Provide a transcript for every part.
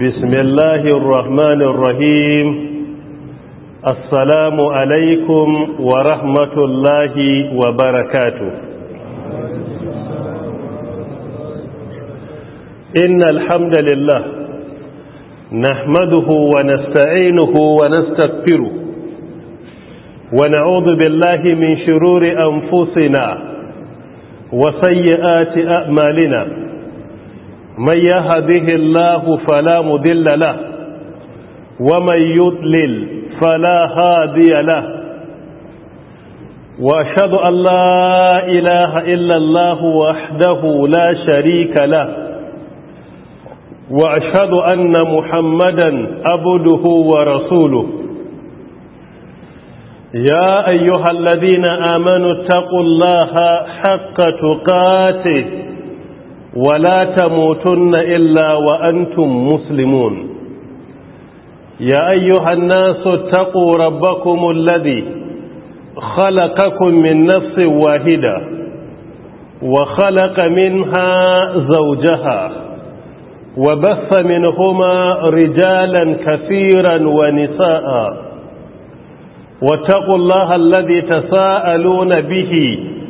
بسم الله الرحمن الرحيم السلام عليكم ورحمة الله وبركاته إن الحمد لله نحمده ونستعينه ونستغفره ونعوذ بالله من شرور أنفسنا وسيئات أعمالنا من يهده الله فلا مدل له ومن يضلل فلا هادي له وأشهد أن لا إله إلا الله وحده لا شريك له وأشهد أن محمدا عبده ورسوله يا أيها الذين آمنوا اتقوا الله حق تقاته ولا تموتن إلا وأنتم مسلمون يا أيها الناس اتقوا ربكم الذي خلقكم من نفس واحدة وخلق منها زوجها وبث منهما رجالا كثيرا ونساء واتقوا الله الذي تساءلون به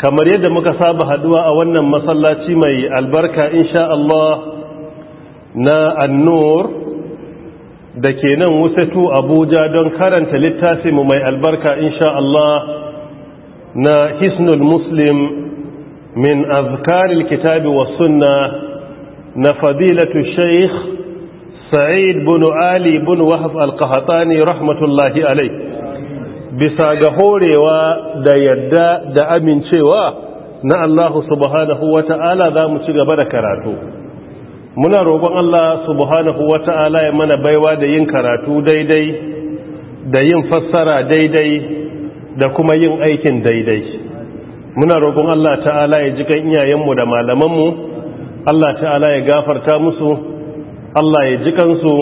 kamar yadda muka saba haduwa a wannan masallaci mai albarka insha Allah na annur da ke nan wusatu abuja don karanta littafi mu mai albarka insha Allah na hisnul muslim min azkaril kitabi wa sunna na fadilatu sheikh sa'id bin ali bin wahab al-qahtani rahmatullahi alayhi bisa ga horewa da yadda da amincewa na Allah subhanahu wa ta'ala za mu ci gaba da karatu muna roƙon Allah subhanahu wa ta'ala ya mana baiwa da yin karatu daidai da yin fassara daidai da kuma yin aikin daidai muna roƙon Allah ta'ala ya ji kan iyayenmu da malamanmu Allah ta'ala ya gafarta musu Allah ya ji kansu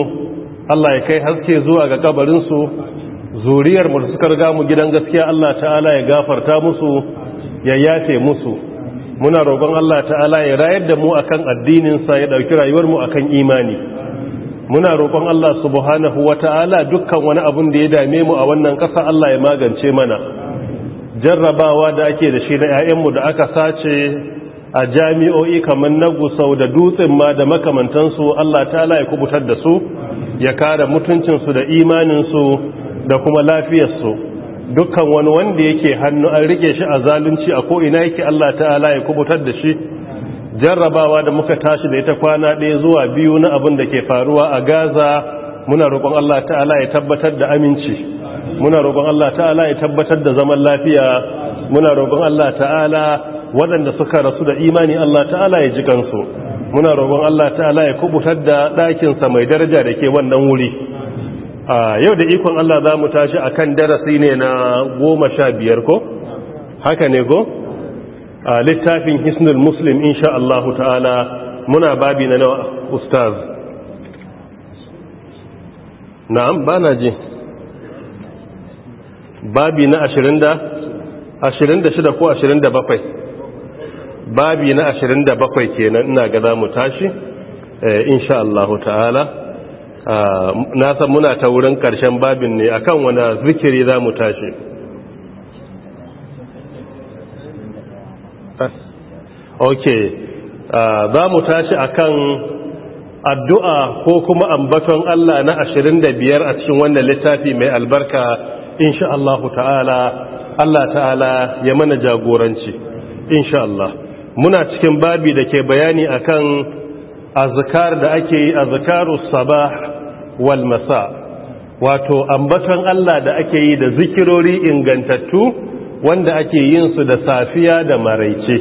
Allah ya kai haske zuwa ga kabarinsu zuriyar mu suka riga mu gidan gaskiya Allah ta'ala ya gafarta musu ya yace musu muna roƙon Allah ta'ala ya rayar da mu akan addinin sa ya dauki rayuwar mu akan imani muna roƙon Allah subhanahu wata'ala dukkan wani abun da ya dame mu a wannan ƙasa Allah ya magance mana jarrabawa da ake da shi na mu da aka sace a jami'o'i kamar na gusau da dutsen ma da makamantansu Allah ta'ala ya kubutar da su ya kare mutuncinsu da imaninsu da kuma lafiyarsu dukkan wani wanda yake hannu an rike shi a zalunci a ko'ina yake Allah ta'ala ya kubutar da shi jarrabawa da muka tashi da ita kwana ɗaya zuwa biyu na abin da ke faruwa a gaza muna roƙon Allah ta'ala ya tabbatar da aminci muna roƙon Allah ta'ala ya tabbatar da zaman lafiya muna roƙon Allah ta'ala waɗanda suka rasu da imani Allah ta'ala ya ji kansu muna roƙon Allah ta'ala ya kubutar da ɗakinsa mai daraja da ke wannan wuri yau da ikon Allah za mu tashi a kan darasi ne na goma sha biyar ko? haka ne a littafin hisnul muslim insha Allah ta'ala muna babi na nawa ustaz na'am ba na ji babi na ashirin da ashirin da shida ko ashirin da bakwai babi na ashirin da bakwai kenan ina ga za mu tashi eh, insha Allah ta'ala Ah, na san muna ta wurin ƙarshen babin ne akan wani zikiri za mu tashi ok ah, za mu tashi akan addu'a ko kuma ambaton Allah na da biyar a cikin wannan littafi mai albarka insha Allah ta'ala Allah ta'ala ya mana jagoranci insha Allah muna cikin babi da ke bayani akan azkar da ake yi azkarus sabah Walmasa wato ambaton Allah da ake yi da zikirori ingantattu wanda ake yin su da safiya da maraice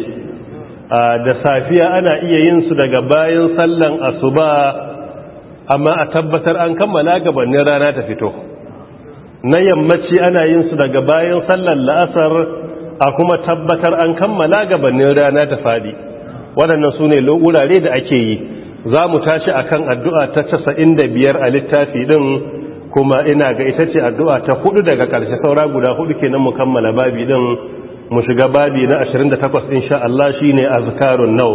da safiya ana iya yin su daga bayan sallan asuba amma a tabbatar an kammala gabanin rana ta fito na yammaci ana yin su daga bayan sallan la'asar a kuma tabbatar an kammala gabanin rana ta fadi waɗannan su ne wurare da ake yi za mu tashi a kan addu'a ta casa'in da biyar a littafi ɗin kuma ina ga ita ce addu'a ta hudu daga ƙarshe saura guda hudu ke nan mukammala babi ɗin mu shiga babi na in insha Allah shi ne azkarun nau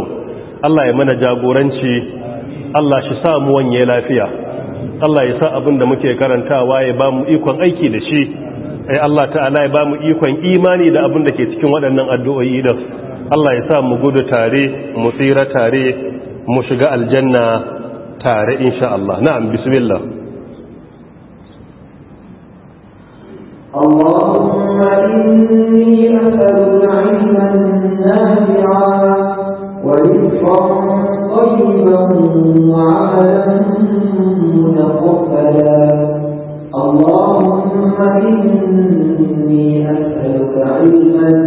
Allah ya mana jagoranci Allah shi sa mu wanye lafiya Allah ya sa abin da muke karantawa ya ba mu ikon aiki da shi ai Allah ta'ala ya ba mu ikon imani da abin da ke cikin waɗannan addu'o'i Allah ya sa mu gudu tare mu tsira tare mu shiga aljanna tare insha Allah na'am bismillah Allahumma inni as'aluka 'ilman nafi'an wa rizqan طيبا وعملا متقبلا اللهم إني أسألك علما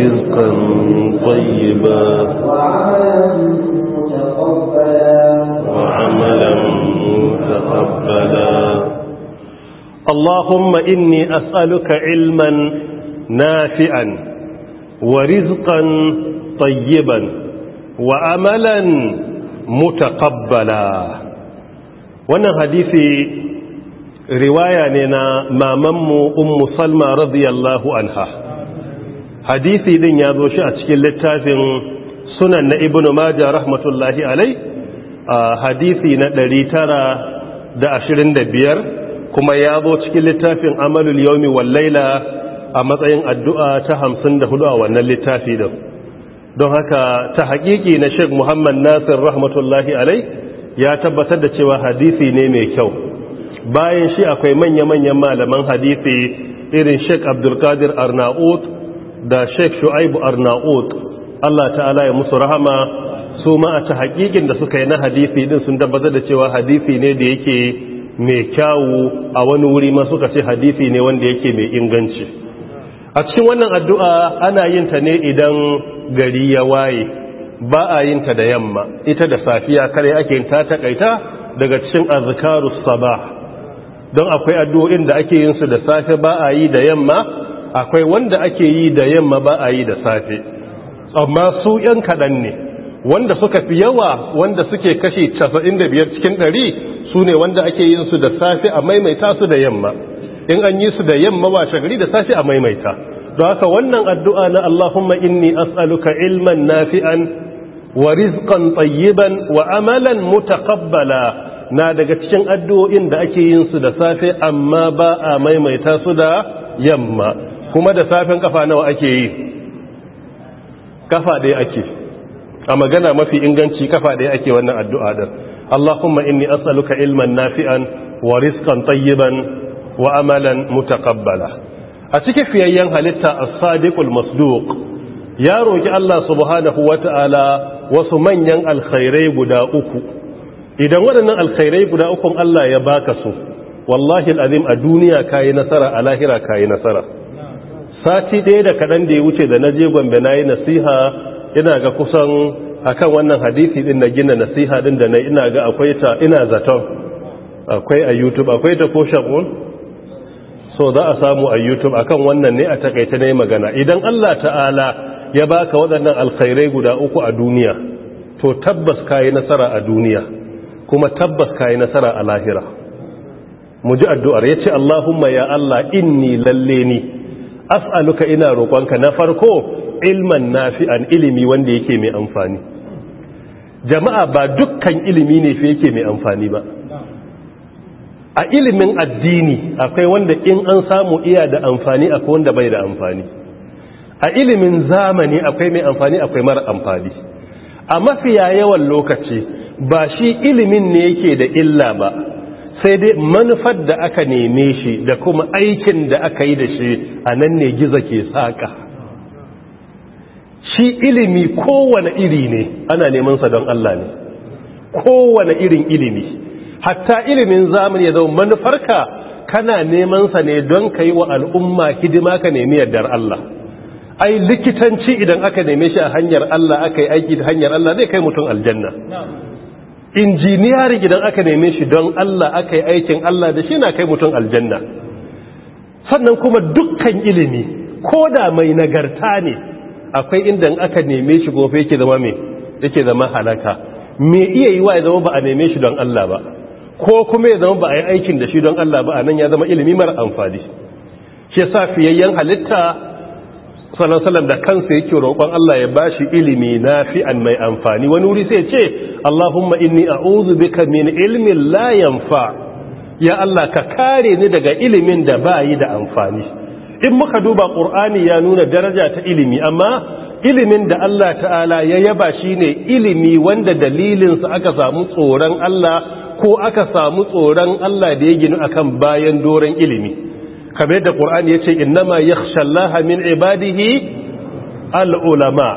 رزقا طيبا وعملا متقبلا اللهم إني أسألك علما نافعا ورزقا طيبا وعملا متقبلا وانا حديثي رواية لنا ما ممو أم صلما رضي الله عنها hadisi din ya zo shi a cikin littafin sunan na ibn majah rahmatullahi alai a hadisi na 925 kuma ya zo cikin littafin amalul yaumi wal laila a matsayin addu'a ta 54 a wannan littafi din don haka ta haƙiƙi na Sheikh Muhammad Nasir rahmatullahi alai ya tabbatar da cewa hadisi ne mai kyau bayan shi akwai manya-manyan malaman hadisi irin Sheikh Abdul Qadir Arnaut da sheikh shu'aibu arnaut Allah ta'ala ya musu rahama su ma a ta hakikin da suka yi na hadisi din sun za da cewa hadisi ne da yake mai kyawu a wani wuri ma suka ce hadisi ne wanda yake mai inganci a cikin wannan addu'a ana yin ta ne idan gari ya waye ba a yin ta da yamma ita da safiya kare ake yin ta takaita daga cikin azkarus sabah don akwai addu'o'in da ake yin su da safe ba a yi da yamma akwai wanda ake yi da yamma ba a yi da safe amma su ‘yan kaɗan ne wanda suka fi yawa wanda suke kashe 95 cikin 100 su ne wanda ake yin su da safe a maimaita su da yamma in an yi su da yamma ba shagari da safe a maimaita don haka wannan addu'a na Allahumma inni as'aluka ilman nafi'an wa rizqan tayyiban wa amalan mutaqabbala na daga cikin addu'o'in da ake yin su da safe amma ba a maimaita su da yamma kuma da safin kafa nawa ake yi kafa ɗaya ake a magana mafi inganci kafa ɗaya ake wannan addu'a ɗin Allahumma inni as'aluka ilman nafi'an wa rizqan tayyiban wa amalan mutaqabbala a cikin fiyayyen halitta as-sadiqul masduq ya roki Allah subhanahu wata'ala wasu manyan alkhairai guda uku idan waɗannan alkhairai guda ukun Allah ya baka su wallahi alazim a duniya kayi nasara a lahira kayi nasara sati ɗaya da kaɗan da ya wuce da na je gombe na yi nasiha ina ga kusan akan wannan hadisi ɗin na gina nasiha ɗin da na ina ga akwai ta ina zaton akwai a youtube akwai ta ko shagun so za a samu a youtube akan wannan ne a takaita na yi magana idan allah ta'ala ya baka waɗannan alkhairai guda uku a duniya to tabbas ka yi nasara a duniya kuma tabbas ka yi nasara a lahira mu ji addu'ar ya ce allahumma ya allah inni lalle ni as'aluka ina roƙonka na farko ilman nafi'an ilimi wanda yake mai amfani jama'a ba dukkan ilimi ne fi yake mai amfani ba a ilimin addini akwai wanda in an samu iya da amfani akwai wanda bai da amfani a ilimin zamani akwai mai amfani akwai mara amfani a mafiya yawan lokaci ba shi ilimin ne yake da illa ba sai dai manufar da aka neme shi da kuma aikin da aka yi da shi a nan ne giza ke saƙa shi ilimi kowane iri ne ana nemansa don Allah ne kowane irin ilimi hatta ilimin zamani ya zama manufarka kana nemansa ne don ka yi wa al'umma hidima ka nemi yardar Allah ai likitanci idan aka neme shi a hanyar Allah aka yi aiki da hanyar Allah zai kai mutum aljanna Injiniyari idan aka neme shi don Allah aka yi aikin Allah da shi na kai mutum aljanna sannan kuma dukkan ilimi ko da mai nagarta ne akwai inda aka neme shi gobe yake zama mai yake zama halaka me iya yi wa ya zama ba a neme shi don Allah ba ko kuma ya zama ba a yi aikin da shi don Allah ba a nan ya zama ilimi mara amfani shi yasa fiyayyen halitta sallallahu alaihi da kansa yake roƙon Allah ya bashi ilimi nafi'an mai amfani wani wuri sai ce Allahumma inni a'udhu bika min ilmin la yanfa ya Allah ka kare ni daga ilimin da ba yi da amfani in muka duba Qur'ani ya nuna daraja ta ilimi amma ilimin da Allah ta'ala ya yaba shine ilimi wanda dalilinsa aka samu tsoron Allah ko aka samu tsoron Allah da ya gina akan bayan doren ilimi kamar da ƙur'ani ya ce innama yakhshallaha min ibadihi al'ulama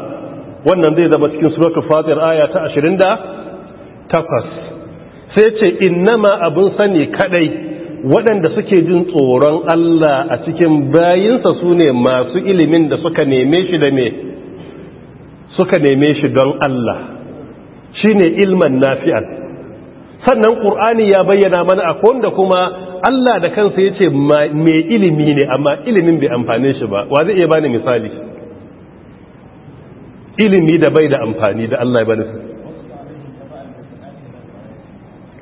wannan zai zama cikin suratul fatir aya ta 28 sai ce innama abun sani kadai waɗanda suke jin tsoron Allah a cikin bayinsa su ne masu ilimin da suka neme shi da me suka neme shi don Allah shine ilman nafi'an sannan ƙur'ani ya bayyana mana a wanda kuma Allah da kansa ya ce mai ilimi ne amma ilimin bai amfane shi ba wa zai iya bani misali ilimi da bai da amfani da Allah ya bani su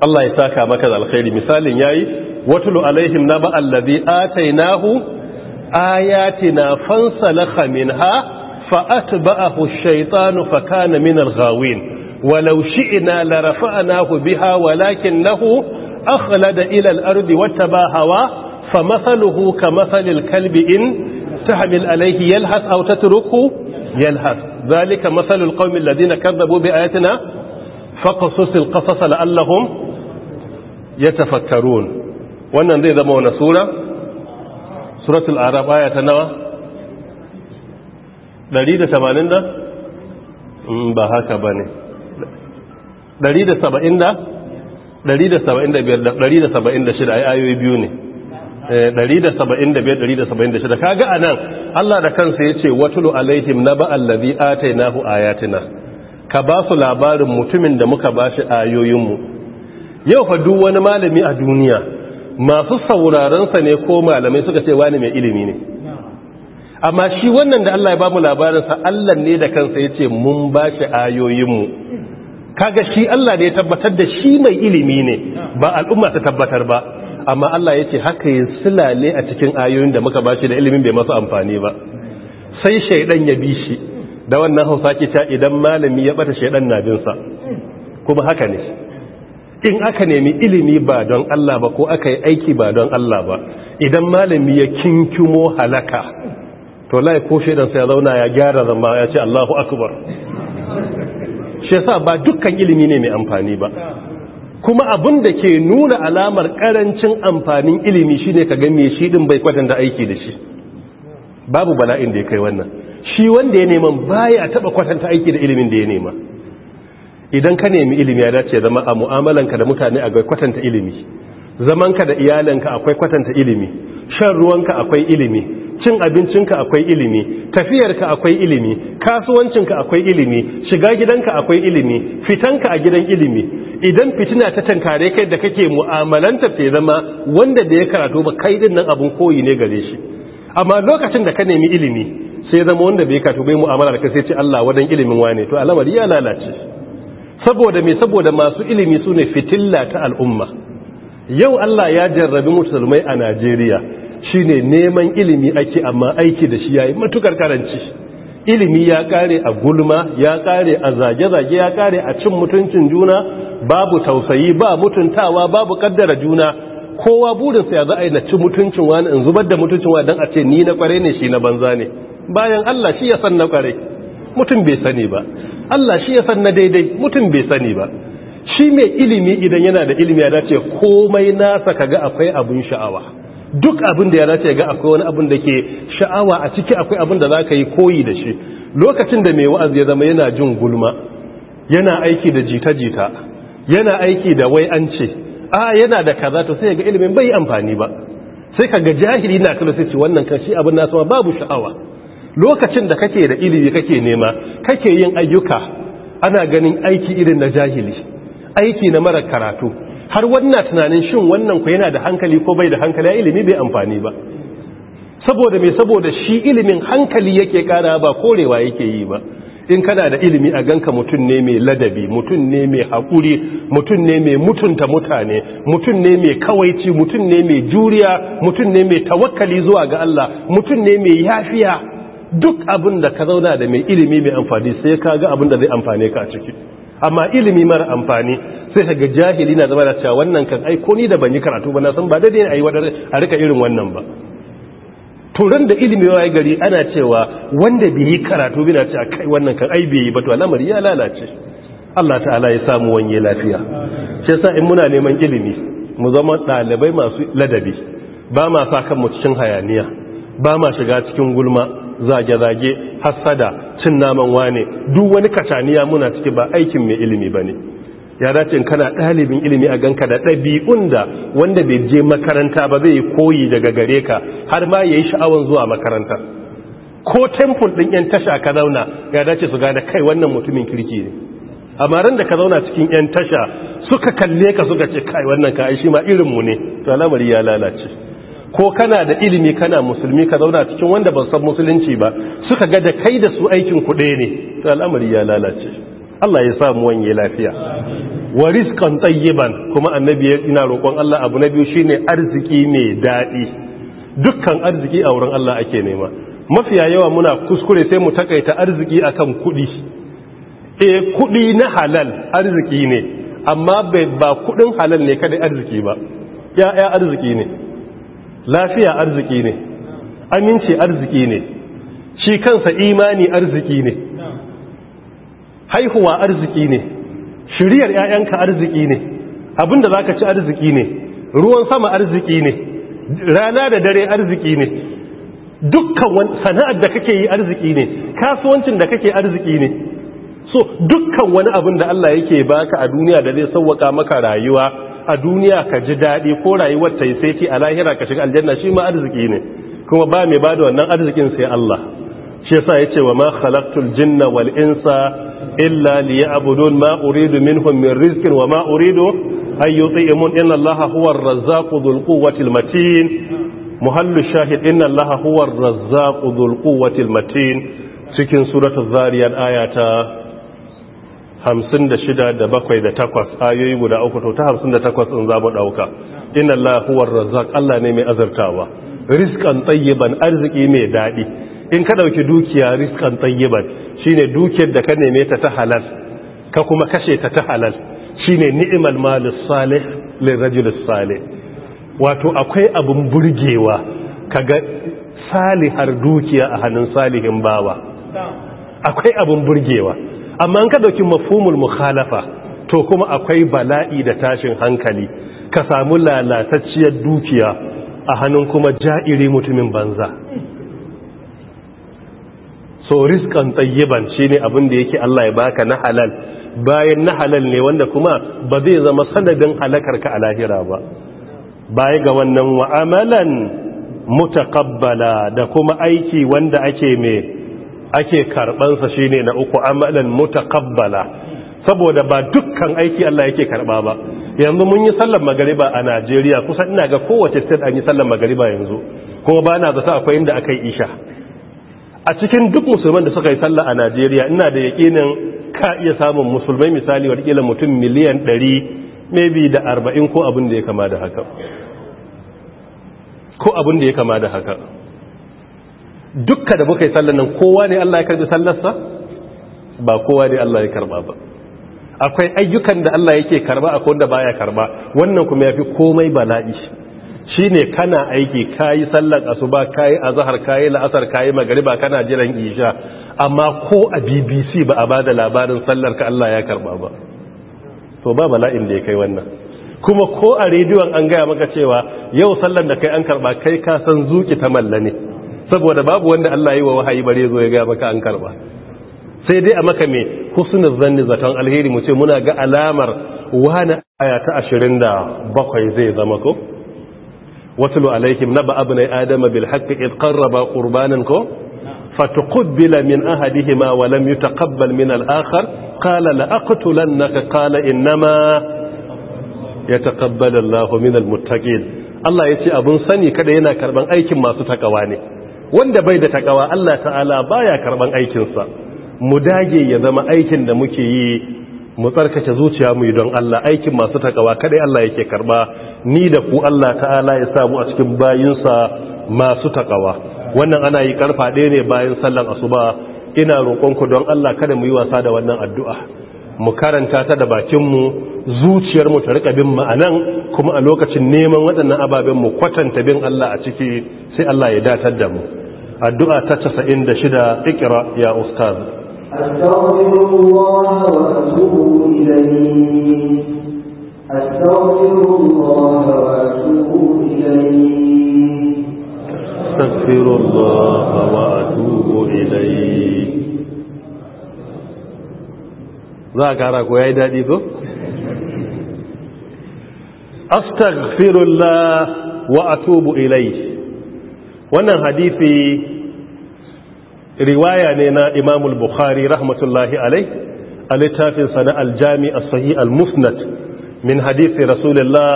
Allah ya saka maka da alkhairi misalin yayi watulu alaihim na naba allazi atainahu ayatina fansalakha minha fa atba'ahu ash-shaytanu fa kana min al walau shi'na la rafa'nahu biha walakinahu akhlada ila al-ardi wattaba hawa famathaluhu kamathalil kalbi in تحمل عليه يلهث أو تتركه يلهث ذلك مثل القوم الذين كذبوا بآياتنا فقصص القصص لعلهم يتفكرون wannan zai zama wani sura? suratul arab aya ta nawa? 180 da? ba haka ba ne 175 ayoyi biyu ne 175 eh, kaga anan Allah da kansa ya yace watulu alaihim naba allazi nahu ayatina ka ba su labarin mutumin da muka bashi ayoyinmu yau fa duk wani malami a duniya masu saurarensa ne ko malamai suka ce wani mai ilimi ne amma shi wannan da Allah ya ba mu labarinsa Allah ne da kansa ya ce mun ba shi ayoyinmu kaga shi Allah ne ya tabbatar da shi mai ilimi ne ba al'umma ta tabbatar ba amma Allah ya ce haka yin silale a cikin ayoyin da muka bashi da ilimin bai masu amfani ba sai shaidan ya bi shi da wannan hausa ke ta idan malami ya bata shaidan na binsa kuma haka ne in aka nemi ilimi ba don Allah ba ko aka yi aiki ba don Allah ba idan malami ya kinkimo halaka to lai ko shaidan sai ya zauna ya gyara zama ya ce Allahu akbar shi sa ba dukkan ilimi ne mai amfani ba kuma abun da ke nuna alamar karancin amfanin ilimi shine ka ga mai shi din bai kwatanta aiki da shi babu bala'in da ya kai wannan shi wanda ya neman baya taba kwatanta aiki da ilimin da ya nema idan ka nemi ilimi ya dace zama a mu'amalanka da mutane a kwatanta ilimi zamanka da iyalanka akwai kwatanta ilimi shan ruwanka akwai ilimi cin abincinka akwai ilimi tafiyarka akwai ilimi kasuwancinka akwai ilimi shiga gidanka akwai ilimi fitanka a gidan ilimi idan fitina ta tankare kai da kake mu'amalanta ta zama wanda da ya karatu ba kai din nan abun koyi ne gare shi amma lokacin da ka nemi ilimi sai zama wanda bai karatu bai mu'amala da kai sai ce Allah wadan ilimin wane to al'amari ya lalace saboda me saboda masu ilimi sune fitilla ta al'umma yau Allah ya jarrabi musulmai a Najeriya Shi ne neman ilimi ake amma aiki da shi ya yi matukar karanci ilimi ya kare a gulma ya kare a zage-zage ya kare a cin mutuncin juna babu tausayi ba mutuntawa babu kaddara juna kowa burinsa ya za a yi na ci mutuncin wani in zubar da mutuncin wani don a ce ni na kware ne shi na banza ne bayan Allah shi ya san na kware mutum bai sani ba Allah shi ya san na daidai mutum bai sani ba shi mai ilimi idan yana da ilimi ya dace komai nasa kaga akwai abin sha'awa duk abin da ya dace ga akwai wani abin da ke sha'awa a ciki akwai abin da za ka yi koyi da shi lokacin da mai wa'azi ya zama yana jin gulma yana aiki da jita-jita yana aiki da wai an ce a yana da kaza to sai ga ilimin bai amfani ba sai ka ga jahili na kula sai ce wannan kan shi abin nasu babu sha'awa lokacin da kake da ilimi kake nema kake yin ayyuka ana ganin aiki irin na jahili aiki na mara karatu har wannan tunanin shin wannan ku yana da hankali ko bai da hankali ilimi bai amfani ba saboda mai saboda shi ilimin hankali yake kara ba korewa yake yi ba in kana da ilimi a ganka mutum ne mai ladabi mutum ne mai haƙuri mutum ne mai mutunta mutane mutum ne mai kawaici mutum ne mai juriya mutum ne mai tawakkali zuwa ga Allah mutum ne mai yafiya duk abin da ka zauna da mai ilimi mai amfani sai ka ga abin da zai amfane ka a ciki amma ilimi mara amfani sai ga jahili na zama da cewa wannan kan ai ko ni da ban yi karatu ba na san ba daidai ne ayi wadar a rika irin wannan ba turan da ilimi ya gari ana cewa wanda bai yi karatu na cewa kai wannan kan ai bai yi ba to al'amari ya lalace Allah ta'ala ya samu wanye lafiya shi yasa in muna neman ilimi mu zama dalibai masu ladabi ba ma sa kanmu cikin hayaniya ba ma shiga cikin gulma zage-zage hassada cin naman wane duk wani kataniya muna ciki ba aikin mai ilimi ba ne ya dace in kana ɗalibin ilimi a ganka da ɗabi'un da wanda bai je makaranta ba zai koyi daga gare ka har ma ya yi sha'awan zuwa makaranta ko temple ɗin 'yan tasha ka zauna ya dace su gada kai wannan mutumin kirki ne amma ran da ka zauna cikin 'yan tasha suka kalle ka suka ce kai wannan ka aishi ma irinmu ne to alamari ya lalace ko kana da ilimi kana musulmi ka zauna cikin wanda ban san musulunci ba suka ga da kai da su aikin kuɗe ne to al'amari ya lalace Allah ya samu wanye lafiya wa rizqan tayyiban kuma annabi ina roƙon Allah abu na biyu shine arziki ne daɗi dukkan arziki a wurin Allah ake nema mafiya yawa muna kuskure sai mu takaita arziki akan kuɗi eh kuɗi na halal arziki ne amma ba kuɗin halal ne kada arziki ba Ya arziki ne lafiya arziki ne aminci arziki ne shi kansa imani arziki ne haihuwa arziki ne shiriyar 'ya'yanka arziki ne abinda za ka ci arziki ne ruwan sama arziki ne rana da dare arziki ne dukkan sana'ar da kake yi arziki ne kasuwancin da kake arziki ne so dukkan wani abin da Allah yake baka a duniya da zai sauwaka maka rayuwa a duniya ka ji daɗi ko rayuwar ta yi saiti a lahira ka shiga aljanna shi ma arziki ne kuma ba mai ba da wannan arzikin sai Allah shi yasa ya ce wa ma khalaqtul jinna wal insa illa liya'budun ma uridu minhum min rizqin wa ma uridu an yuti'imun inna Allaha huwar razzaqu dhul quwwati al matin muhallu shahid inna Allaha huwar razzaqu dhul quwwati al matin cikin suratul zariyat ayata hamsin da shida da bakwai da takwas ayoyi guda uku to ta hamsin da takwas in za mu ɗauka inna lahuwar razak Allah ne mai azurtawa. riskan tsayyiban arziki mai daɗi in ka ɗauki dukiya riskan tsayyiban shine dukiyar da ka neme ta ta halal ka kuma kashe ta ta halal shine ne ni'imal malus salih lirajulus salih wato akwai abin burgewa kaga salihar dukiya a hannun salihin bawa akwai abin burgewa amma an ka dauki mafhumul mukhalafa to kuma akwai bala'i da tashin hankali ka samu lalatacciyar dukiya a hannun kuma ja'iri mutumin banza so riskan tsayyiban shi ne abin da yake Allah ya baka na halal bayan na halal ne wanda kuma ba zai zama sanadin halakarka a lahira ba baya ga wannan wa'amalan mutakabbala da kuma aiki wanda ake mai ake karbansa shine na uku amalan mutaqabbala saboda ba dukkan aiki Allah yake karba ba yanzu mun yi sallar magariba a Najeriya kusa ina ga kowace state an yi sallar magariba yanzu kuma ba na zata akwai inda akai isha a cikin duk musulman da suka yi sallar a Najeriya ina da yakinin ka iya samun musulmai misali wadakila mutum miliyan 100 maybe da 40 ko abin da ya kama da haka ko abin da ya kama da haka dukka da muka yi sallan nan kowa ne Allah ya karbi sallarsa ba kowa ne Allah ya karba ba akwai ayyukan da Allah yake karba akwai wanda baya karba wannan kuma yafi komai bala'i shine kana aiki kayi sallar asuba kayi azhar kayi la'asar kayi magriba kana jiran isha amma ko a BBC ba a bada labarin sallar ka Allah ya karba ba to ba bala'in da ya kai wannan kuma ko a rediyon an gaya maka cewa yau sallar da kai an karba kai ka san zuki ta malla ne saboda babu wanda Allah yi wa wahayi bare zo ya ga baka an karba sai dai a maka me husnul zanni zaton alheri mu ce muna ga alamar wani aya ta 27 zai zama ko watlu alaihim naba abna adama bil haqq id qarraba qurbanan ko min من أحدهما ولم يتقبل من الآخر قال لأقتلنك قال إنما يتقبل الله من المتقين Allah ya ce abun sani kada yana karban aikin masu takawa ne wanda bai da takawa Allah ta'ala baya karban aikinsa mu dage ya zama aikin da muke yi mu tsarkake zuciya mu don Allah aikin masu takawa kaɗai Allah yake karba ni da ku Allah ta'ala ya samu a cikin bayinsa masu takawa wannan ana yi karfa ɗaya ne bayan sallan asuba ina roƙonku don Allah kada mu yi wasa da wannan addu'a mu karanta ta da bakinmu zuciyar mu ta rika bin ma'anan kuma a lokacin neman waɗannan ababen mu kwatanta bin Allah a ciki sai Allah ya datar da mu الدؤى تتسى عند شدة اقرأ يا أستاذ أستغفر الله وأتوب إليه أستغفر الله وأتوب إليه أستغفر الله وأتوب إليه ذا قرأك يا إدادي أستغفر الله وأتوب إليه wannan hadisi riwaya ne na imamul bukhari rahmatullahi alai a littafinsa na aljami a sahi al-musnad min hadisi rasulullah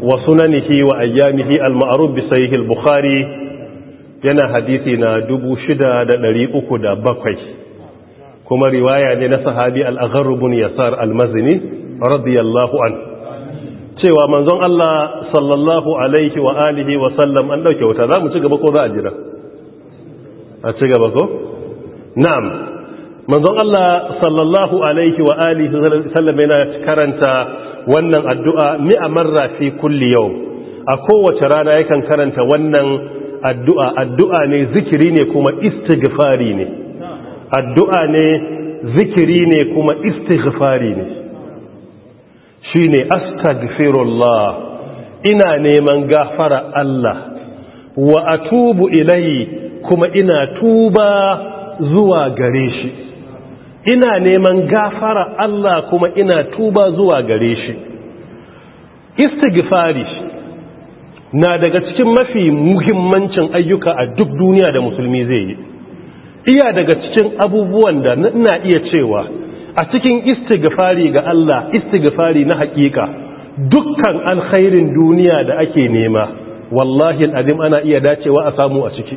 wa sunanihi wa ayyamihi al-ma'aruf bi sahih al-bukhari yana hadisi na 6307 kuma riwaya ne na sahabi al-agharrubun yasar al-mazini radiyallahu anhu cewa manzon Allah sallallahu alaihi wa alihi wa sallam an dauke wuta za mu ci gaba ko za a jira a ci gaba ko na'am manzon Allah sallallahu alaihi wa alihi wa sallam yana karanta wannan addu'a mi'a marra fi kulli yau a kowace rana yakan karanta wannan addu'a addu'a ne zikiri ne kuma istighfari ne addu'a ne zikiri ne kuma istighfari ne Shi shine astagfirullah ina neman gafara Allah wa a tubu ilai kuma ina tuba zuwa gare shi ina neman gafara Allah kuma ina tuba zuwa gare shi istigfari na daga cikin mafi muhimmancin ayyuka a duk duniya da musulmi zai yi iya daga cikin abubuwan da na iya cewa a cikin istighfari ga Allah istighfari na hakika dukkan alkhairin duniya da ake nema wallahi alazim ana iya dacewa a samu a ciki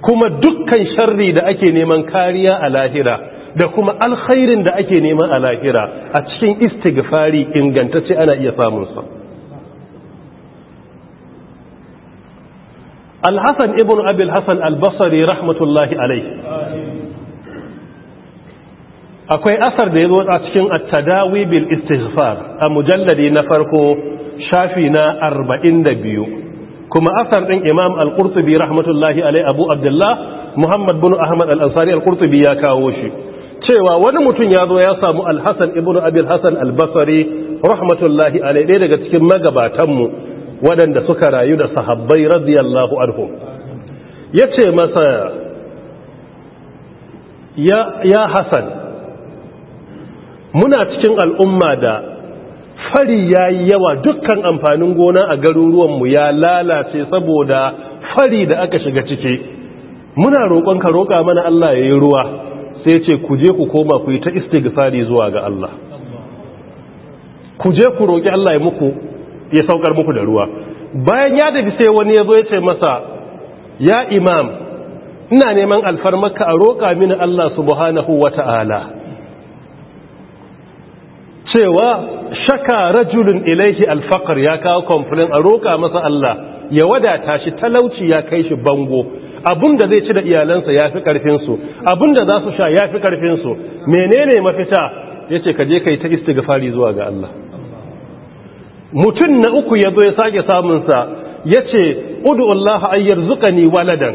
kuma dukkan sharri da ake neman kariya a lahira da kuma alkhairin da ake nema a lahira a cikin istighfari ingantacce ana iya samun sa Al-Hasan ibn Abi al-Hasan al-Basri rahmatullahi alayhi akwai asar da ya zo a cikin attadawi bil istighfar a mujalladi na farko shafi na 42 kuma asar din imam al-qurtubi rahmatullahi alai abu abdullah muhammad bin ahmad al-ansari al-qurtubi ya kawo shi cewa wani mutum ya zo ya samu al-hasan ibnu abi al-hasan al-basri rahmatullahi alai ɗaya daga cikin magabatanmu waɗanda suka rayu da sahabbai radiyallahu anhum yace masa ya ya hasan muna cikin al'umma da fari ya yi yawa dukkan amfanin gona a garuruwanmu ya lalace saboda fari da aka shiga ciki muna roƙon ka roƙa mana Allah ya yi ruwa sai ce ku je ku koma ku yi ta istighfari zuwa ga Allah ku je ku roƙi Allah ya muku ya saukar muku da ruwa bayan ya tafi sai wani ya zo ya ce masa ya imam ina neman alfarmaka a roƙa mini Allah subhanahu wa ta'ala cewa shaka rajulun ilaihi alfaqar ya kawo complain a roka masa Allah ya wadata shi talauci ya kai shi bango Abun da zai ci da iyalansa yafi karfin su abinda za su sha yafi karfin su menene mafita yace ka je kai ta istighfari zuwa ga Allah mutun na uku yazo ya sake samun sa yace ud'u Allah ayyarzuqani waladan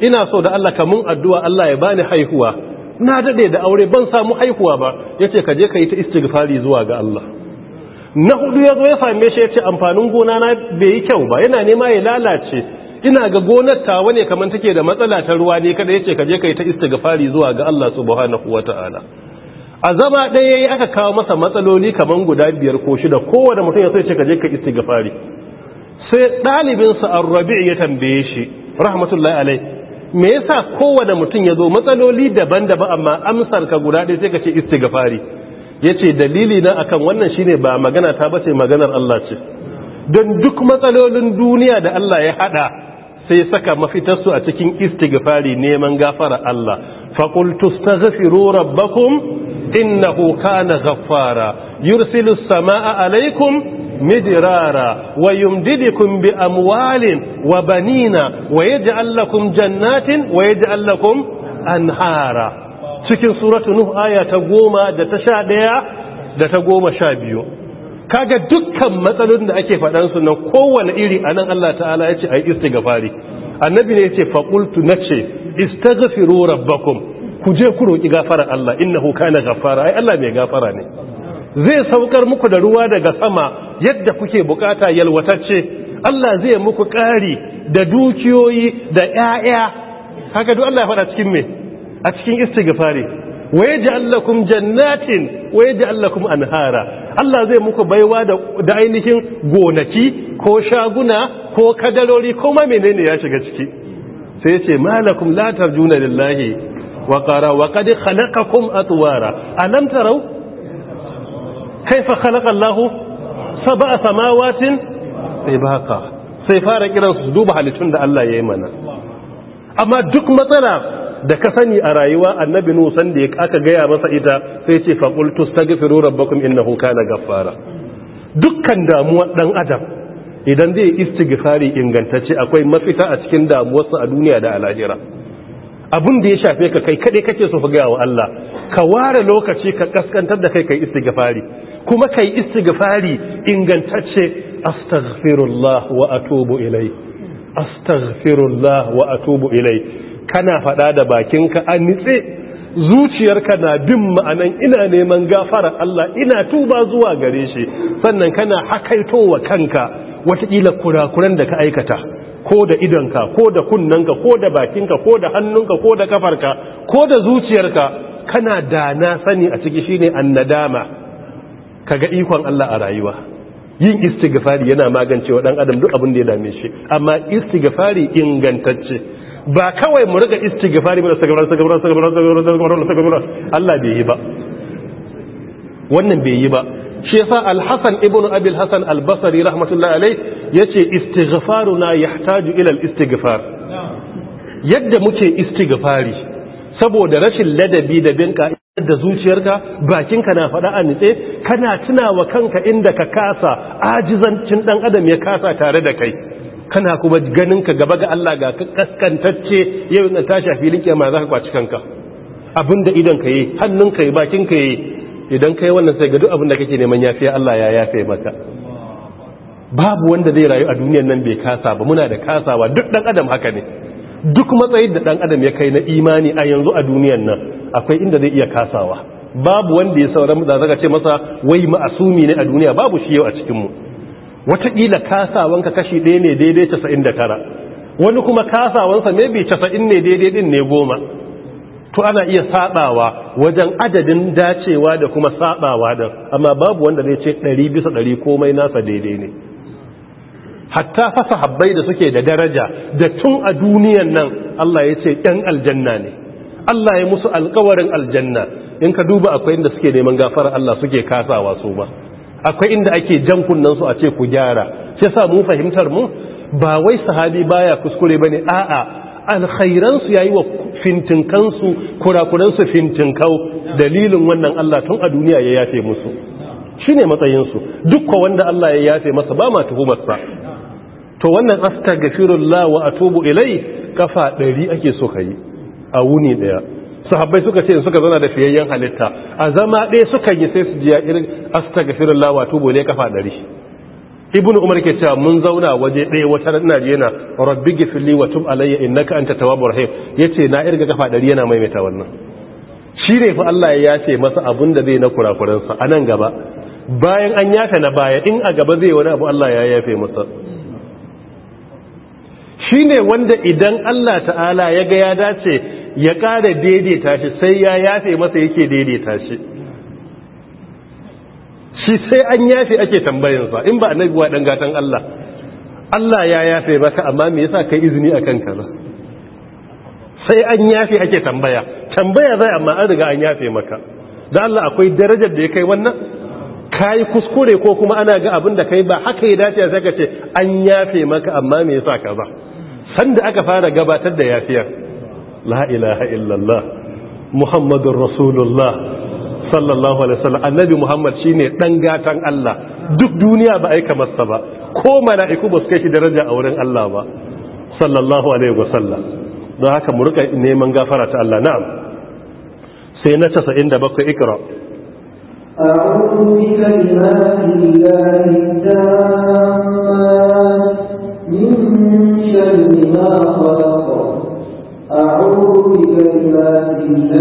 ina so da Allah ka mun addu'a Allah ya bani haihuwa na daɗe da aure ban samu haihuwa ba ya ce ka je ka yi ta istighfari zuwa ga Allah na hudu ya zo ya same shi ya ce amfanin gona na bai yi kyau ba yana nema ya lalace ina ga gonar ta wane kamar take da matsala ta ruwa ne kada ya ce ka je ka yi ta istighfari zuwa ga Allah subhanahu wata'ala a zama ɗaya yi aka kawo masa matsaloli kamar guda biyar ko shida kowane mutum ya so ya ce ka je ka istighfari sai ɗalibinsa an rabi ya tambaye shi rahmatullahi alai me yasa kowane mutum ya zo matsaloli daban-daban amma amsar ka guda ɗaya sai ka ce istighfari yace dalili na akan wannan shine ba magana ta bace maganar Allah ce don duk matsalolin duniya da Allah ya hada sai saka mafitar su a cikin istighfari neman gafara Allah فقلت استغفروا ربكم إنه كان غفارا يرسل السماء عليكم مدرارا ويمددكم بأموال وبنين ويجعل لكم جنات ويجعل لكم أنهارا cikin suratu nuh aya ta goma da ta sha ɗaya da ta goma sha biyu kaga dukkan matsalolin da ake su na kowane iri a nan Allah ta'ala ya ce a yi istighfari annabi ne yace faqultu nace istaghfiru rabbakum ku je ku roki gafara Allah innahu kana ghaffara ai Allah mai gafara ne zai saukar muku da ruwa daga sama yadda kuke bukata yalwatacce Allah zai muku kari da dukiyoyi da ƴaƴa haka duk Allah ya faɗa cikin me a cikin istighfari wa yaj'al lakum jannatin wa yaj'al lakum anhara Allah zai muku baiwa da ainihin gonaki ko shaguna ko kadarori ko menene ya shiga ciki sai ce malakum latar juna lillahi wa qara wa qad khalaqakum atwara alam taraw kaifa khalaqa Allahu sab'a samawatin tibaqa sai fara kiransu duba halittun da Allah ya yi mana amma duk matsala da ka sani a rayuwa annabi san da aka gaya masa ita sai ce faƙultu staghfiru rabbakum innahu kana ghaffara dukkan damuwar dan adam idan zai istighfari ingantacce akwai mafita a cikin damuwarsa a duniya da al'ajira Abun da ya shafe ka kai kaɗai kake so ka gaya wa Allah ka ware lokaci ka kaskantar da kai kai istighfari kuma kai istighfari ingantacce astaghfirullah wa atubu ilai astaghfirullah wa atubu ilai kana faɗa da bakinka a nitse zuciyarka na bin ma'anan ina neman gafara Allah ina tuba zuwa gare shi sannan kana hakaitowa kanka watakila kurakuran da ka aikata ko da idonka ko da kunnanka ko da bakinka ko da hannunka ko da kafarka ko da zuciyarka kana dana sani a ciki shine annadama kaga ikon Allah a rayuwa yin istighfari yana magancewa dan adam duk abin da ya dame shi amma istighfari ingantacce ba kawai mu riga istighfari ba sagabara sagabara sagabara sagabara sagabara sagabara Allah bai yi ba wannan bai yi ba shi yasa al-Hasan ibn Abi al-Hasan al-Basri rahmatullahi alayhi yace istighfaruna yahtaju ila al-istighfar yadda muke istighfari saboda rashin ladabi da binka da zuciyarka bakinka na faɗa a nitse kana tunawa kanka inda ka kasa ajizancin dan adam ya kasa tare da kai kana kuma ganin ka gaba ga Allah ga kaskantacce yau na tashi a filin kiyama za ka kwaci kanka abinda idan ka yi hannun ka yi bakin ka yi idan ka yi wannan sai ga duk abinda kake neman ya fiye Allah ya yafe mata babu wanda zai rayu a duniyar nan bai kasa ba muna da kasawa duk dan adam haka ne duk matsayin da dan adam ya kai na imani a yanzu a duniyar nan akwai inda zai iya kasawa babu wanda ya saura mutane zaka ce masa wai ma'asumi ne a duniya babu shi yau a cikin mu watakila kasawanka kashi ɗaya ne daidai casa'in da tara wani kuma kasawansa maybe casa'in ne daidai ɗin ne goma to ana iya saɓawa wajen adadin dacewa da kuma saɓawa da amma babu wanda zai ce ɗari bisa ɗari komai nasa daidai ne hatta fasa habbai da suke da daraja da tun a duniyan nan Allah ya ce ɗan aljanna ne Allah ya musu alkawarin aljanna in ka duba akwai inda suke neman gafara Allah suke kasawa su ba akwai inda ake jan kunnen su a ce ku gyara shi yasa mu fahimtar mu ba wai sahabi baya kuskure bane a'a alkhairan su yayi wa fintin kansu kurakuran su kau, dalilin wannan Allah tun a duniya ya yafe musu shine matsayin su dukkan wanda Allah ya yafe masa ba ma tuhumar sa to wannan astaghfirullah wa atubu ilai kafa 100 ake so kai a wuni daya sahabbai suka ce in suka zana da fiyayyen halitta a zama ɗaya suka yi sai su ji jiya irin lawa tubo ne kafa ɗari ibn umar ke cewa mun zauna waje ɗaya wata na ji yana rabbi gifili wa tub alayya innaka anta tawwabur Ya ce na irga kafa ɗari yana maimaita wannan shi ne fa Allah ya ce masa abun da zai na kura-kuransa a nan gaba bayan an yafe na baya in a gaba zai wani abu Allah ya yafe masa shi ne wanda idan Allah ta'ala ya ga ya dace ya ƙara daidaita shi sai ya yafe masa yake daidaita shi shi sai an yafe ake tambayinsa in ba annabi wa dan gatan Allah Allah ya yafe maka amma me yasa kai izini akan kaza sai an yafe ake tambaya tambaya zai amma an riga an yafe maka dan Allah akwai darajar da ya kai wannan kai kuskure ko kuma ana ga abin da kai ba haka ya dace sai ka ce an yafe maka amma me yasa ka ba sanda aka fara gabatar da yafiyar la ilaha illallah muhammadun rasulullah sallallahu alaihi wasallam annabi muhammad shine dan gatan Allah duk duniya ba aika masa ba ko mala'iku ba su kai shi daraja a wurin Allah ba sallallahu alaihi wasallam don haka mu rika neman gafara ta Allah na'am sai na 97 ikra أعوذ بكلمات الله التامات من شر ما خلق أعوذ بكلمات الله من شر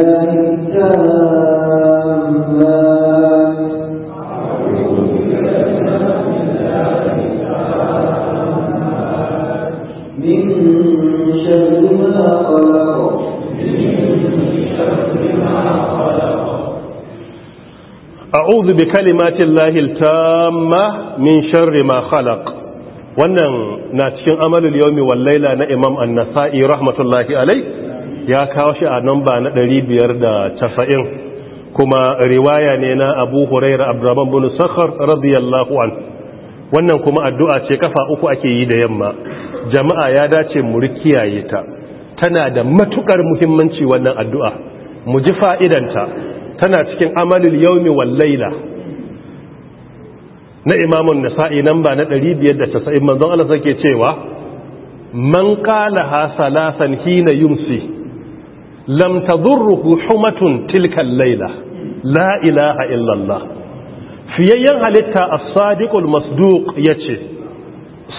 ما خلق أعوذ بكلمات الله التامة من شر ما خلق wannan na cikin amalul yawmi wal laila na imam an-nasa'i rahmatullahi alai ya kawo shi a namba na 590 kuma riwaya ne na abu huraira abdurrahman bin sakhar radiyallahu an wannan kuma addu'a ce kafa uku ake yi da yamma jama'a ya dace mu rikiyaye ta tana da matukar muhimmanci wannan addu'a mu ji fa'idanta tana cikin amalul yawmi wal laila na imamun nasa'i nan ba na 590 manzon Allah sake cewa man qala ha hina yumsi lam tadurruhu humatun tilka al-laila la ilaha illa Allah fiyayyan halitta as-sadiqul masduq yace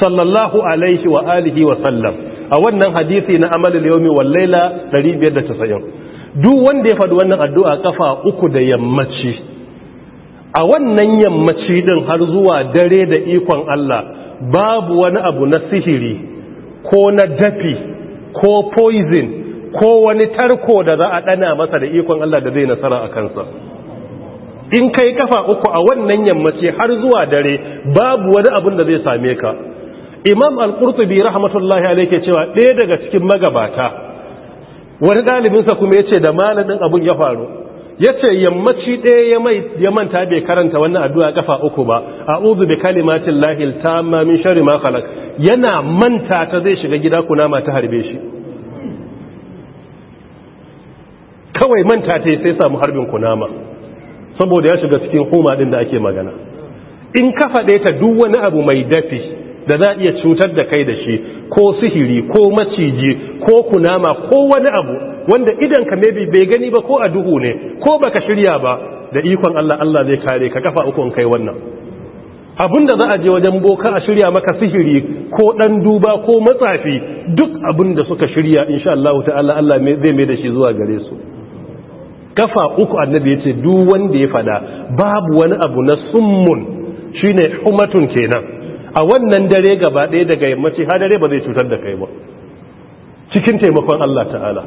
sallallahu alaihi wa alihi wa sallam a wannan hadisi na amalul yawmi wal laila 590 duk wanda ya faɗi wannan addu'a kafa uku da yammaci a wannan yammaci din har zuwa dare da ikon Allah babu wani abu na sihiri ko na dafi ko poison ko wani tarko da za a ɗana masa da ikon Allah da zai nasara a kansa in kai kafa uku a wannan yammaci har zuwa dare babu wani abun da zai same ka imam al-qurtubi rahmatullahi alayhi cewa ɗaya daga cikin magabata wani ɗalibinsa kuma ya ce da malamin abun ya faru ya ce yammaci ɗaya ya manta bai karanta wannan addu'a ƙafa uku ba a uzu bai kalimatin lahil ta mamin shari ma yana manta ta zai shiga gida kunama ta harbe shi kawai manta ta sai samu harbin kunama saboda ya shiga cikin homa ɗin da ake magana in ka faɗe ta duk wani abu mai dafi da za a iya cutar da kai da shi ko sihiri ko maciji ko kunama ko wani abu wanda idan ka maybe bai gani ba ko a duhu ne ko baka shirya ba da ikon Allah Allah zai kare ka kafa uku kai wannan abinda za a je wajen boka a shirya maka sihiri ko dan duba ko matsafi duk abinda suka shirya insha Allah ta'ala Allah zai mai da shi zuwa gare su kafa uku annabi yace duk wanda ya fada babu wani abu na summun shine humatun kenan a wannan dare gaba ɗaya daga yammaci har dare ba zai cutar da kai ba cikin taimakon Allah ta'ala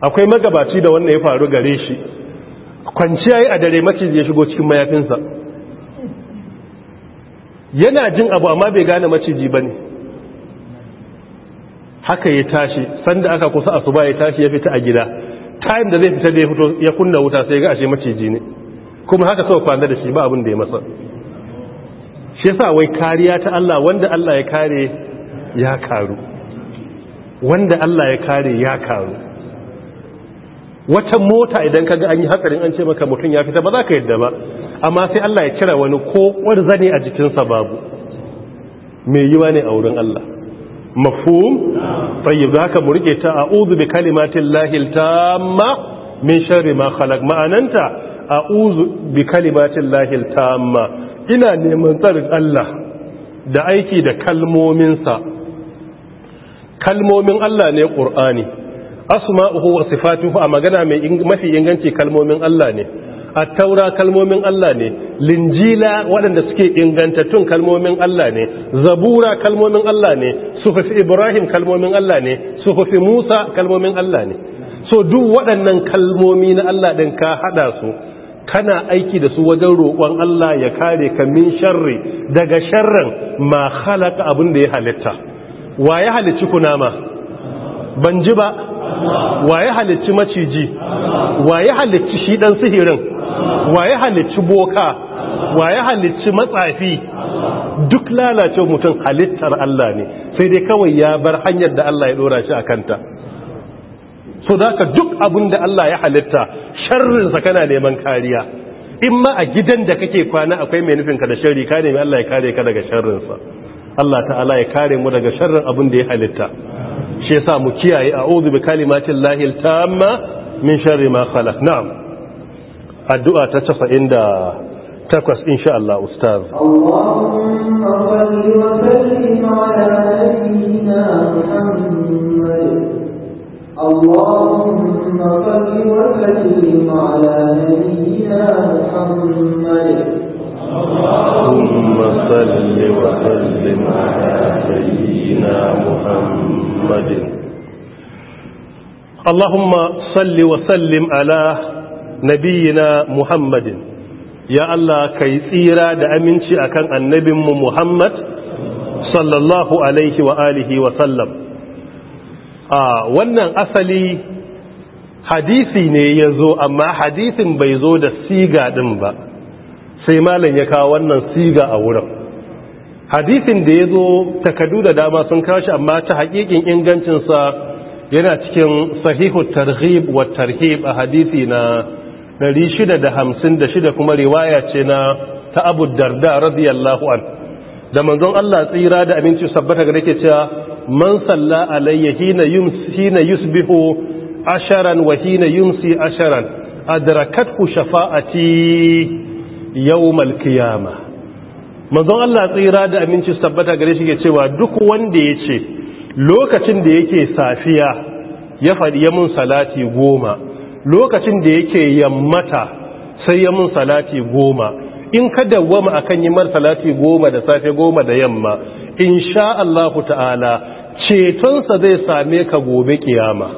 akwai magabaci da wannan ya faru gare shi kwanciya yi a dare maciji ya shigo cikin mayafinsa yana jin abu amma bai gane maciji ba ne haka ya tashi sanda aka kusa asuba ya tashi ya fita a gida tayin da zai fita da ya fito ya kunna wuta sai ga ashe maciji ne kuma haka sau kwanar da shi ba abin da ya masa shi sa wai kariya ta Allah wanda Allah ya kare ya karu wanda Allah ya kare ya karu wata mota idan kaga an yi hatsarin an ce maka mutum ya fita ba za ka yadda ba amma sai Allah ya cira wani ko zane a jikinsa babu mai yiwa ne a wurin Allah mafhum tayyib haka mu rike ta a'udhu bi kalimatin lahil tamma min sharri ma khalaq ma'ananta a'udhu bi kalimatin lahil tamma ina neman tsarin Allah da aiki da kalmominsa kalmomin Allah ne ƙur'ani asma'uhu wa sifatuhu a magana mai mafi inganci kalmomin Allah ne A taura kalmomin Allah ne linjila waɗanda suke ingantattun kalmomin Allah ne zabura kalmomin Allah ne sufufi ibrahim kalmomin Allah ne sufufi musa kalmomin Allah ne so duk waɗannan kalmomi na Allah ɗin ka haɗa su kana aiki da su wajen roƙon Allah ya kare ka min sharri daga sharran ma halaka abin da ya halitta wa ya halicci kunama ban ji ba wa ya halicci maciji wa ya halicci shi ɗan sihirin wa ya halicci boka wa ya halicci matsafi duk lalace mutum halittar Allah ne sai dai kawai ya bar hanyar da Allah ya ɗora shi a kanta to da ka duk abin da Allah ya halitta sharrinsa kana neman kariya in ma a gidan da kake kwana akwai mai nufinka da shari, ka nemi Allah ya kare ka daga sharrinsa Allah ta'ala ya kare mu daga sharrin abin da ya halitta shi yasa mu kiyaye a'udhu bi kalimatin lahil tamma min sharri ma khalaq na'am addu'a ta 98 insha Allah ustaz Allahumma salli wa sallim ala nabiyyina Muhammad اللهم صل وسلم على نبينا محمد اللهم صل وسلم على سيدنا محمد اللهم صل وسلم على نبينا محمد يا الله كي tsira da aminci akan annabinmu Muhammad sallallahu alaihi wa alihi wa wannan asali hadisi ne ya zo amma hadisin bai zo da siga ɗin ba sai malam ya kawo wannan siga a wurin hadisin da ya zo takadu da dama sun kawo shi amma ta haƙiƙin ingancinsa yana cikin sahihu tarhib wa tarhib a hadisi na 656 kuma riwaya ce na ta abu darda radiyallahu an da manzon Allah tsira da aminci sabbata ga nake cewa man salla alayya hina yumsi hina yusbihu asharan wa hina yumsi asharan adrakathu shafa'ati yawmal qiyamah manzon Allah tsira da aminci tabbata gare shi ke cewa duk wanda yace lokacin da yake safiya ya fadi mun salati goma lokacin da yake yammata sai ya mun salati goma in ka dawwama akan yimar salati goma da safe goma da yamma insha Allah ta'ala cetonsa zai same ka gobe kiyama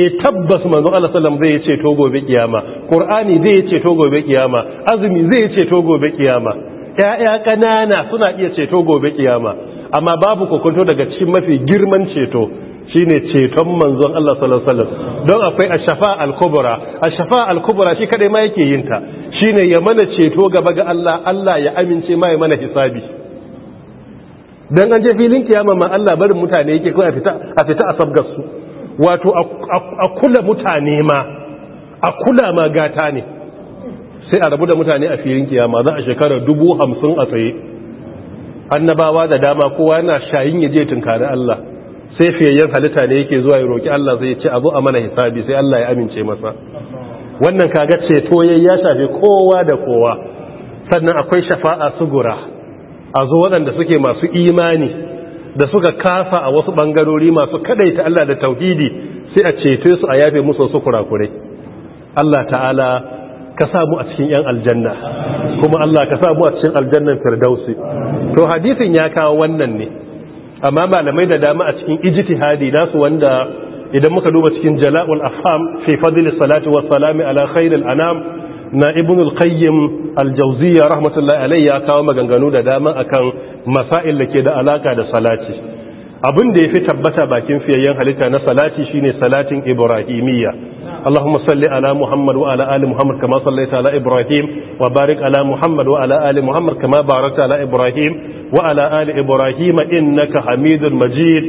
e tabbas manzo Allah sallam zai to gobe kiyama qur'ani zai ceto gobe kiyama azumi zai ceto gobe kiyama ƴaƴa kanana suna iya ceto gobe kiyama amma babu kokonto daga cikin mafi girman ceto shine ceton manzo Allah sallallahu alaihi wasallam don akwai ash-shafa'a al-kubra ash-shafa'a al-kubra shi kadai ma yake yin ta shine ya mana ceto gaba ga Allah Allah ya amince mai mana hisabi don an je filin kiyama ma Allah barin mutane yake kawai a fita a sabgarsu wato a kula mutane ma a kula ma gata ne sai a rabu da mutane a filin kiyama za a shekarar dubu hamsin a tsaye annabawa da dama kowa yana shayin ya je tunkari Allah sai fiyayyen halitta ne yake zuwa ya roƙi Allah zai ya ce abu a mana hisabi sai Allah ya amince masa wannan kaga ceto ya shafe kowa da kowa sannan akwai shafa'a sugura a zo waɗanda suke masu imani da suka kasa a wasu ɓangarori masu ta Allah da tauhidi sai a cece su a yafe musu su kurakurai Allah ta'ala ka samu a cikin yan aljanna kuma Allah ka samu a cikin aljannan firdausi to hadisin ya kawo wannan ne amma malamai da dama a cikin ijtihadi nasu wanda idan muka duba cikin jala'ul afham fi fadli salati wa salami ala khairil anam na ibn al-qayyim al-jawziyya rahmatullahi alayhi ya kawo maganganu da dama akan masail da ke da alaka da salati abin da yafi tabbata bakin fiyayen halitta na salati shine salatin ibrahimiyya Allahumma salli ala Muhammad wa ala ali Muhammad kama sallaita ala Ibrahim wa barik ala Muhammad wa ala ali Muhammad kama barakta ala Ibrahim wa ala ali Ibrahim innaka Hamidul Majid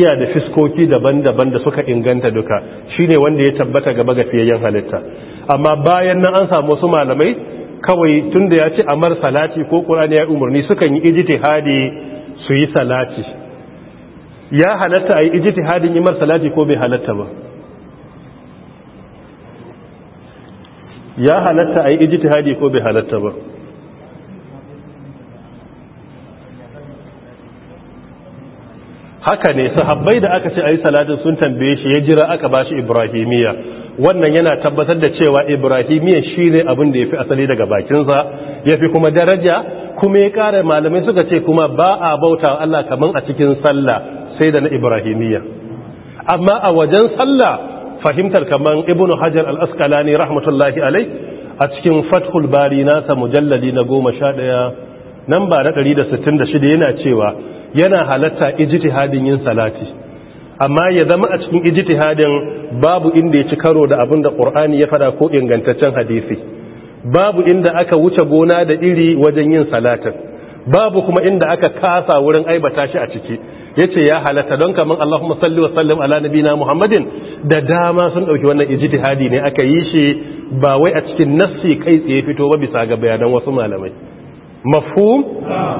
iya da fiskoki daban-daban da suka inganta duka shine wanda ya tabbata gaba ga fiyayen halitta amma bayan nan an samu wasu malamai kawai tun da ya ce amar salati ko ƙurani ya umarni sukan yi ijiti hadi su yi salati ya halatta a yi ijiti hadin yi mar salati ko bai halatta ba ya halatta a yi hadi ko bai halatta ba haka ne sahabbai da aka ce a yi salatin sun tambaye shi ya jira aka ba shi ibrahimiyya wannan yana tabbatar da cewa ibrahimiyya shi ne abin da ya fi asali daga bakinsa ya fi kuma daraja kuma ya ƙara malamai suka ce kuma ba a bauta Allah kamar a cikin sallah sai da na ibrahimiyya amma a wajen sallah fahimtar kamar ibnu hajar al-asqalani rahmatullahi alai a cikin fathul bari nasa mujallali na goma sha ɗaya nan ba na 166 yana cewa yana halatta ijitihadin yin salati amma ya zama a cikin ijtihadin babu inda ya ci karo da abin da Qur'ani ya fada ko ingantaccen hadisi babu inda aka wuce gona da iri wajen yin salatin babu kuma inda aka kasa wurin aibata shi a ciki Ya ce ya halatta don kaman Allahumma salli wa sallim ala nabina Muhammadin da dama sun dauki wannan ijtihadi ne aka yi shi ba wai a cikin nassi kai tsaye fito ba bisa ga bayanan wasu malamai mafhum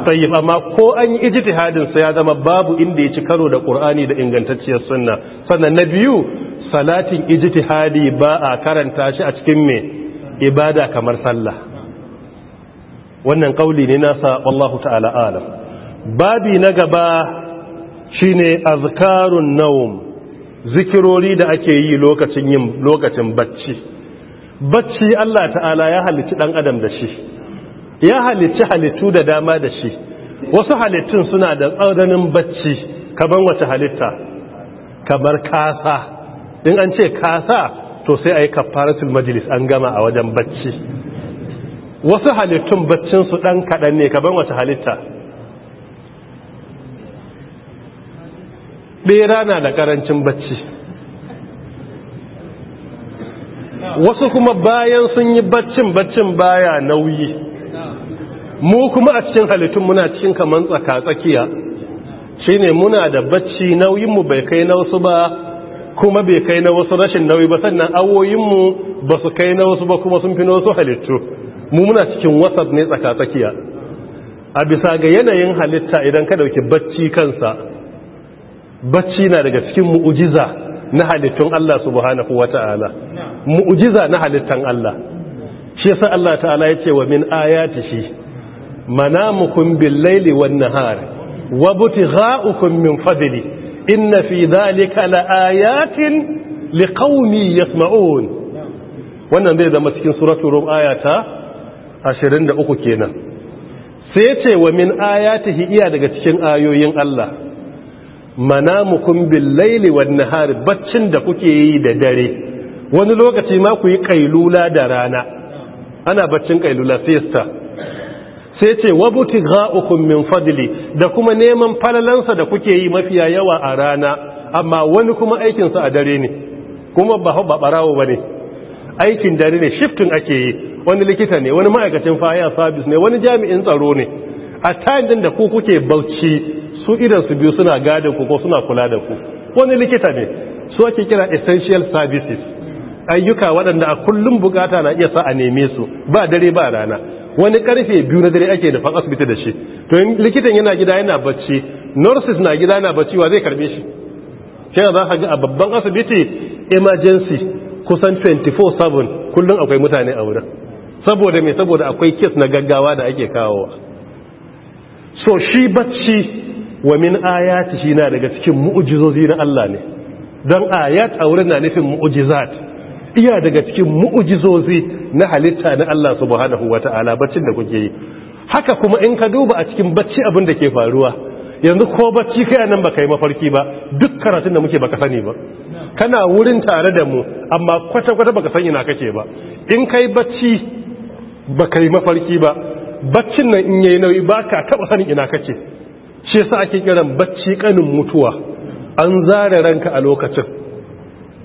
tayyib amma ko an yi ijtihadin sa ya zama babu inda ya ci karo da qur'ani da ingantacciyar sunna sannan na biyu salatin ijtihadi ba a karanta shi a cikin me ibada kamar sallah wannan kauli ne nasa wallahu ta'ala alam babi na gaba shine azkarun nawm zikirori da ake yi lokacin yin lokacin bacci bacci Allah ta'ala ya halicci dan adam da shi ya halicci halittu da dama da shi wasu halittun suna da tsananin bacci kamar wace halitta kamar kasa in an ce kasa to sai a yi kafaratul majalis an gama a wajen bacci wasu halittun baccinsu ɗan kaɗan ne kamar wace halitta ɓera na da ƙarancin bacci wasu kuma bayan sun yi baccin baccin baya nauyi mu kuma a cikin halittun muna cikin kaman tsaka tsakiya ne muna da bacci nauyinmu bai kai na wasu ba kuma bai kai na wasu rashin nauyi ba sannan awoyinmu ba su kai na wasu ba kuma sun fi na wasu halittu mu muna cikin wasat ne tsaka tsakiya a bisa ga yanayin halitta idan ka dauki bacci kansa bacci na daga cikin mu'ujiza na halittun Allah subhanahu ta'ala mu'ujiza na halittan Allah shi yasa Allah ta'ala ya ce wa min ayatihi منامكم بالليل والنهار وابتغاؤكم من فضله إن في ذلك لآيات لقوم yasma'un. wannan zai zama cikin suratul rum ayata 23 kenan sai ce wa min ayatihi iya daga cikin ayoyin Allah manamukun billaili laili wan baccin da kuke yi da dare wani lokaci ma ku yi kailula da rana ana baccin kailula siesta sai ce wabuti ga'ukun min fadli da kuma neman falalansa da kuke yi mafiya yawa a rana amma wani kuma aikinsa a dare ne kuma ba haɓa barawo ba ne aikin dare ne shiftin ake yi wani likita ne wani ma'aikacin faya sabis ne wani jami'in tsaro ne a tayin da ku kuke bauchi su idan su biyu suna gadin ku ko suna kula da ku wani likita ne su ake kira essential services ayyuka waɗanda a kullum bukata na iya sa a neme su ba dare ba rana wani karfe biyu na dare ake nufan asibiti da shi to likitan yana gida yana bacci nurses na gida yana bacci wa zai karbe shi shi za ka ga a babban asibiti emergency kusan 24/7 kullum akwai mutane a wurin saboda mai saboda akwai kes na gaggawa da ake kawo so shi bacci wa min ayati shi na daga cikin mu'ujizozi na Allah ne don ayat a wurin na nufin mu'ujizat iya daga cikin mu'ujizozi na halitta na Allah subhanahu wa ta'ala baccin da kuke yi haka kuma in ka duba a cikin bacci abin da ke faruwa yanzu ko bacci kai nan baka yi mafarki ba duk karatun da muke baka sani ba kana wurin tare da mu amma kwata kwata baka san ina kake ba in kai bacci baka yi mafarki ba baccin nan in yayi nauyi baka taba sani ina kake shi yasa ake kiran bacci kanin mutuwa an zare ranka a lokacin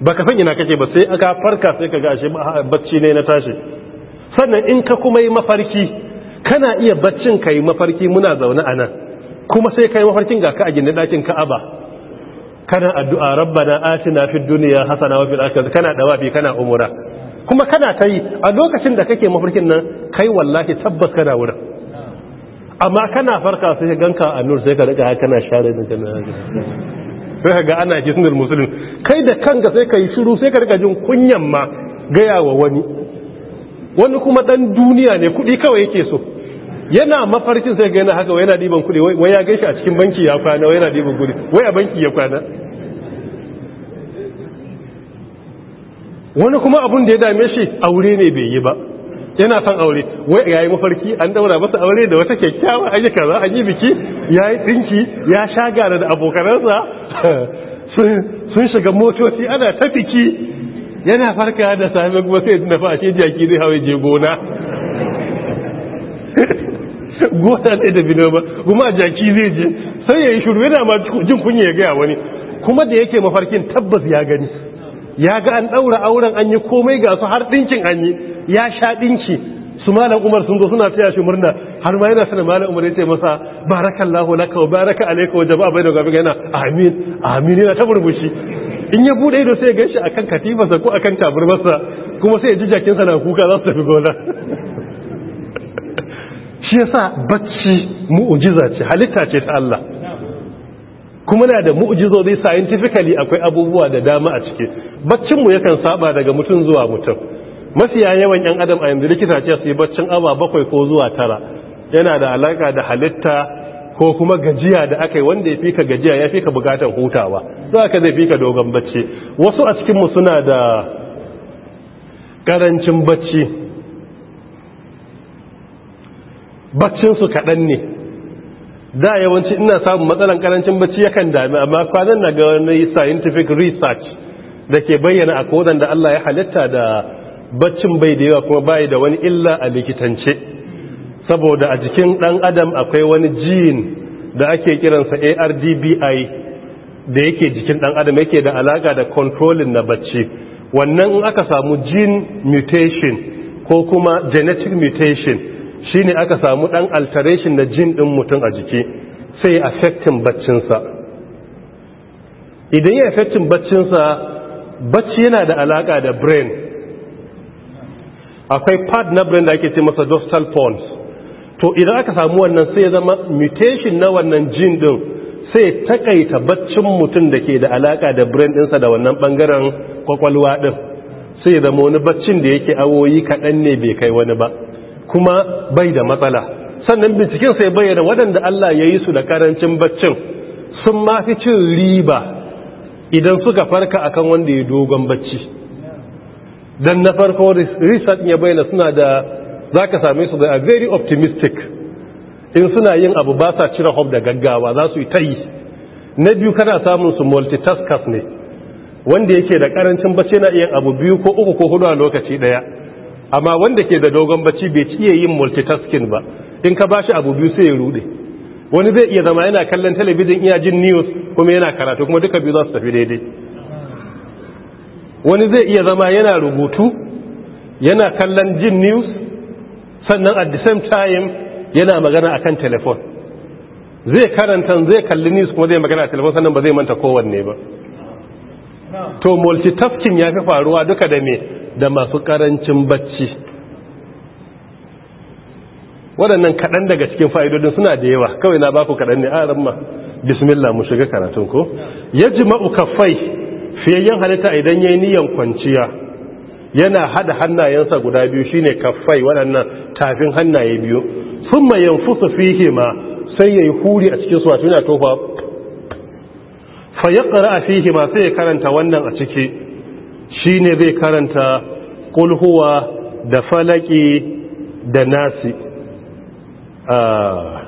Ba san ina kake ba sai aka farka sai kaga ashe bacci ne na tashi sannan in ka kuma yi mafarki kana iya baccin ka yi mafarki muna zaune a nan kuma sai ka yi mafarkin ga ka a gindin ɗakin ka aba kana addu'a rabbana atina fid duniya hasana wa fil akhirati kana dawabi kana umura kuma kana kai a lokacin da kake mafarkin nan kai wallahi tabbas kana wurin amma kana farka sai ka ganka a nur sai ka riga kana share da kana sai ka ga ana hisnul muslim kai da kanka sai ka yi shiru sai ka rika jin kunyan ma gaya wa wani wani kuma dan duniya ne kuɗi kawai yake so yana mafarkin sai ga yana haka wai yana diban kuɗi wai ya gaishe a cikin banki ya kwana wai yana diban kuɗi wai a banki ya kwana wani kuma abun da ya dame shi aure ne bai yi ba yana son aure wai yayi mafarki an daura masa aure da wata kyakkyawa ayyuka za a yi biki yayi dinki ya sha gara da abokanansa sun shiga motoci ana ta fiki yana farka da sami kuma sai na ce jaki zai hawa je gona gona ne da binoma ba kuma jaki zai je sai ya yi shuru yana ma jin kunya ya gaya wani kuma da yake mafarkin tabbas ya gani ya ga an ɗaura auren an yi komai ga su har ɗinkin an yi ya sha ɗinki su malam umar sun zo suna taya shi murna har ma yana sanar malin umar ya ce masa barakallahu laka wa baraka wajen ba jama'a bai da gabi yana amin amin yana ta burbushi in ya buɗe ido sai ya ganshi akan katifarsa ko akan taburmarsa kuma sai ya ji jakinsa na kuka za su tafi gona shi ya sa bacci mu'ujiza ce halitta ce ta Allah kuma na da mu'ujizozi scientifically akwai abubuwa da dama a ciki Baccinmu yakan saba daga mutum zuwa mutum mafiya yawan yan adam a yanzu likita ce su yi baccin awa bakwai ko zuwa tara yana da alaka da halitta ko kuma gajiya da aka yi wanda ya fi ka gajiya ya fi ka bukatar hutawa za ka zai fi ka dogon bacci wasu a cikinmu suna da karancin bacci baccinsu kaɗan ne da yawanci ina samun matsalan karancin bacci yakan dami amma kwanan na ga wani scientific research da ke bayyana a kodon da Allah ya halitta da baccin bai da yawa kuma bayi da wani illa a likitance saboda a jikin ɗan adam akwai wani jin da ake kiransa ardbi da yake jikin ɗan adam yake da alaƙa da controlling na bacci wannan in aka samu gene mutation ko kuma genetic mutation shine aka samu ɗan alteration na jin ɗin mutum a jiki sai affecting baccinsa idan ya affecting baccinsa bacci yana da alaƙa da brain akwai part na brain da ake ce masa dostal pons to idan aka samu wannan sai zama mutation na wannan jin din sai takaita baccin mutum da ke da alaka da brain dinsa da wannan bangaren kwakwalwa din. sai zama wani baccin da yake awoyi kaɗan ne bai kai wani ba kuma bai da matsala sannan binciken sai bayyana waɗanda Allah ya yi su da karancin baccin sun mafi cin riba idan suka farka akan wanda ya dogon bacci don na farko risat ya bayyana suna da za ka same su da a very optimistic in suna yin abu ba sa cire hob da gaggawa za su yi ta yi na biyu kana samun su multitaskers ne wanda yake da karancin bacci na iya abu biyu ko uku ko hudu a lokaci daya amma wanda ke da dogon bacci bai ci iya yin multitasking ba in ka bashi abu biyu sai ya rude wani zai iya zama yana kallon talabijin iya jin news kuma yana karatu kuma duka biyu za su tafi daidai wani zai iya zama yana rubutu yana kallon jin news sannan at the same time yana magana a kan telefon zai karanta zai kalli news kuma zai magana a telefon sannan ba zai manta kowanne ba to multitasking ya fi faruwa duka da me da masu karancin bacci waɗannan kaɗan daga cikin fa'idodin suna da yawa kawai na baku kaɗan ne a ramma bismillah mu shiga karatun ko ya ji fiye fiyayyen halitta idan ya yi niyan kwanciya yana hada hannayensa guda biyu shine kaffai waɗannan tafin hannaye biyu sun mai yanfusa fihe ma sai ya yi huri a cikin suwa suna tofa fayyakara a fihe ma sai ya karanta wannan a ciki shine zai karanta ƙulhuwa da falaki da nasi ah.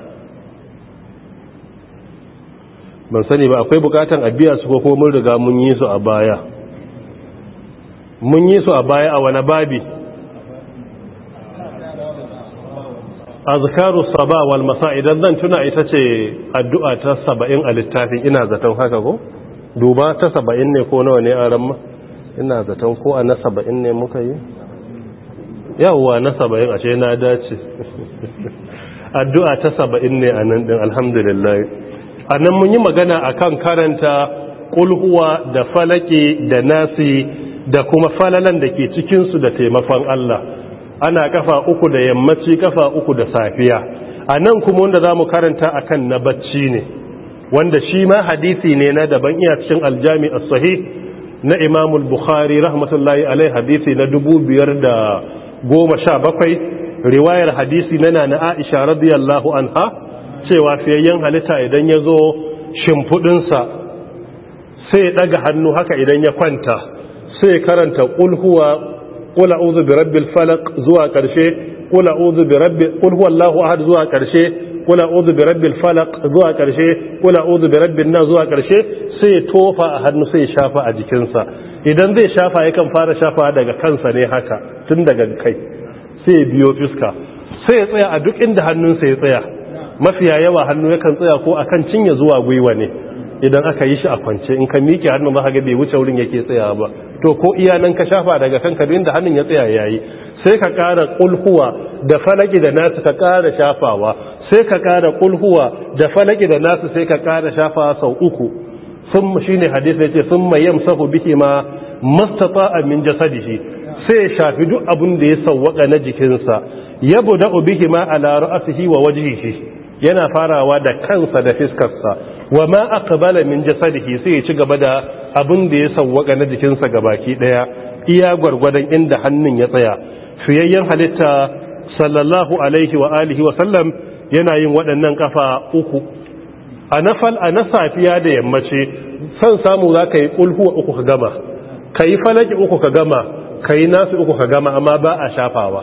ban sani ba akwai bukatan a biya su ko mun riga mun yi su a baya mun yi su a baya a wani babi azkaru saba wal masa idan zan tuna ita ce addu'a ta saba'in a littafin ina zaton haka ko duba ta saba'in ne ko nawa ne a ramma ina zaton ko a na saba'in ne muka yi yawwa na saba'in a ce na dace addu'a ta saba'in ne a nan ɗin alhamdulillah a nan mun yi magana a kan karanta ƙulhuwa da falake da nasi da kuma falalan da ke cikinsu da taimakon Allah ana kafa uku da yammaci kafa uku da safiya a nan kuma wanda za mu karanta a kan na bacci ne wanda shi ma hadisi ne na daban iya cikin aljami a sahi na imamul bukhari rahmatullahi alai hadisi na dubu biyar da goma sha bakwai riwayar hadisi na na aisha radiyallahu anha cewa fiyayyen halitta idan ya zo shimfudinsa sai ya ɗaga hannu haka idan ya kwanta sai karanta qul huwa qul a'udhu bi rabbil falaq zuwa karshe qul a'udhu bi rabbi huwa huwallahu ahad zuwa karshe qul a'udhu bi rabbil falaq zuwa karshe qul a'udhu bi rabbin nas zuwa karshe sai tofa a hannu sai shafa a jikinsa idan zai shafa ya kan fara shafa daga kansa ne haka tun daga kai sai biyo fuska sai ya tsaya a duk inda hannunsa ya tsaya mafiya yawa hannu ya kan tsaya ko akan cinya zuwa gwiwa ne idan aka yi shi a kwance in ka miƙe hannun zaka bai wuce wurin yake tsaya ba to ko iya ka shafa daga kanka duk inda hannun ya tsaya yayi sai ka ƙara kulhuwa da falaki da nasu ka ƙara shafawa sai ka ƙara kulhuwa da falaki da nasu sai ka ƙara shafawa sau uku sun shi ne hadisi ce sun mayam sahu biki ma a min jasadihi sai shafi duk abun da ya sawwaka na jikinsa yabda'u ubihi ma ala ra'sihi wa wajhihi yana farawa da kansa da fiskarsa wa ma aqbala min jasadihi sai ya ci gaba da abin da ya sawwaka na jikinsa ga baki daya iya gwargwadon inda hannun ya tsaya fiyayyen halitta sallallahu alaihi wa alihi wa sallam yana yin waɗannan kafa uku a nafal a na safiya da yammace san samu za ka yi ƙulhuwa uku ka gama ka yi falaki uku ka gama ka yi nasu uku ka gama amma ba a shafawa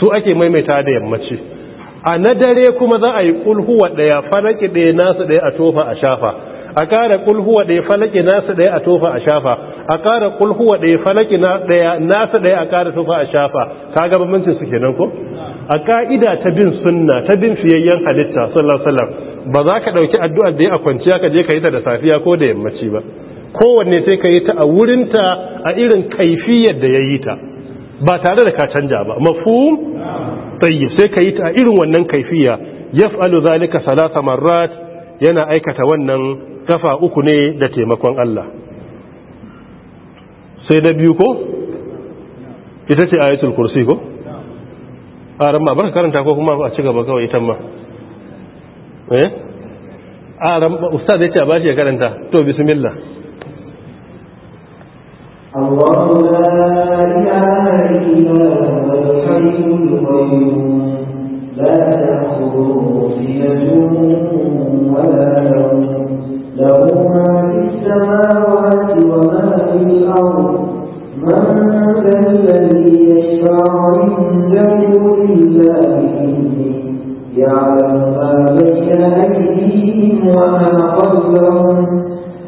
su ake maimaita da yammace a na dare kuma za a yi ƙulhuwa daya falaki daya nasu daya a tofa a shafa a ƙara kulhuwa daya falaki nasu daya a tofa a shafa a ƙara ƙulhuwa daya falaki nasu daya a ƙara tofa a shafa ka gaba bambancin su kenan ko a ka'ida ta bin sunna ta bin fiyayyen halitta sallallahu alaihi ba za ka dauki addu'ar da ya kwanciya ka je ka yi ta da safiya ko da yammaci ba kowanne sai ka yi ta a wurinta a irin kaifiyar da ya yi ta ba tare da ka canja ba mafhum tayyib sai ka yi ta irin wannan kaifiya yaf'alu zalika salasa marrat yana aikata wannan kafa uku ne da taimakon Allah sai na biyu ko ita ce ayatul kursi ko a ramma ka karanta ko kuma a ci gaba kawai ita ma eh a ramma ustaz ya ce a bashi ya karanta to bismillah الله لا إله إلا هو الحي القيوم لا تأخذه سنة ولا نوم له ما في السماوات وما في الأرض من ذا الذي يشفع عنده إلا بإذنه يعلم ما بين أيديهم وما خلفهم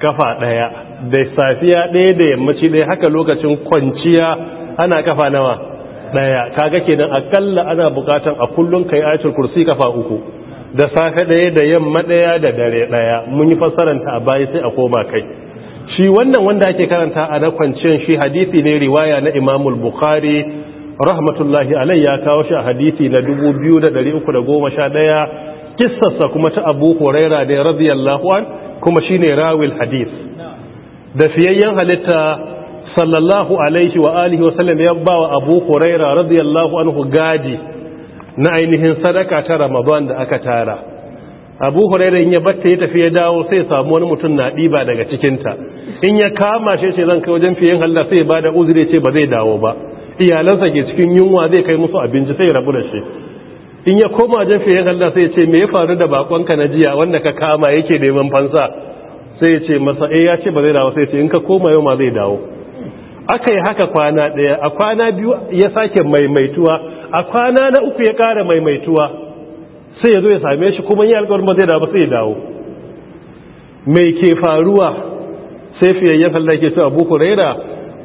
kafa ɗaya da safiya ɗaya da yammaci ɗaya haka lokacin kwanciya ana kafa nawa ɗaya kaga kenan akalla ana bukatan a kullum kai ayatul kursi kafa uku da safe ɗaya da yamma ɗaya da dare ɗaya mun yi fassaranta a baya sai a koma kai shi wannan wanda ake karanta a na kwanciyar shi hadithi ne riwaya na imamul bukhari rahmatullahi alai ya kawo shi a hadithi na 2311 kissarsa kuma ta abu huraira da radiyallahu an kuma shine rawil hadith da fiyayyen halitta sallallahu alaihi wa alihi wa sallam ya bawa Abu Huraira radiyallahu anhu gadi na ainihin sadaka ta Ramadan da aka tara Abu Huraira in ya batta ya tafi ya dawo sai samu wani mutum na diba daga cikin ta in ya kama shi sai zan kai wajen fiyayyen halitta sai ya bada uzuri ce ba zai dawo ba iyalansa ke cikin yunwa zai kai musu abinci sai ya rabu da shi in ya koma jan fiye Allah sai ce me ya faru da bakonka na jiya wanda ka kama yake neman fansa sai ce masa eh ya ce ba zai dawo sai ce in ka koma yau ma zai dawo aka yi haka kwana ɗaya a kwana biyu ya sake maimaituwa a kwana na uku ya ƙara maimaituwa sai ya zo ya same shi kuma yi alƙawarin ba zai dawo sai ya dawo mai ke faruwa sai fiyayyen Allah ke cewa Abu Huraira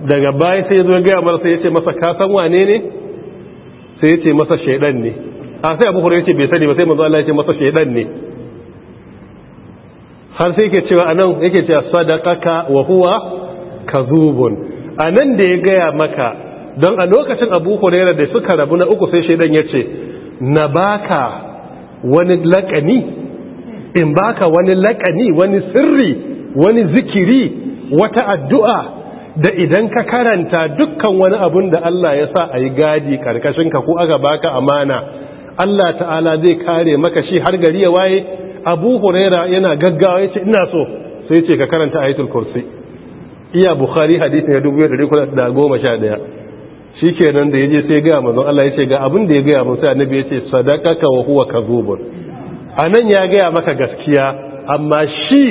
daga baya sai ya zo ya gaya masa sai ya ce masa ka san wane ne sai ya ce masa shaidan ne a sai abu hurairu ce bai sani ba sai manzo Allah ya ce masa shaidan ne har sai yake cewa anan yake cewa sadaqaka wa huwa kadhubun anan da ya gaya maka don a lokacin abu hurairu da suka rabu na uku sai shaidan ya ce na baka wani lakani in baka wani lakani wani sirri wani zikiri wata addu'a da idan ka karanta dukkan wani abun da Allah ya sa a yi gadi karkashinka ko aka baka amana Allah ta'ala zai kare maka shi har gari ya waye abu huraira yana gaggawa yace ina so sai ce ka karanta ayatul kursi iya bukhari hadisi ya 2111 shi shikenan da ya je sai gaya mazan Allah ya ce ga abin da ya gaya mun sai annabi ya ce sadaka ka wa huwa kazubun a nan ya gaya maka gaskiya amma shi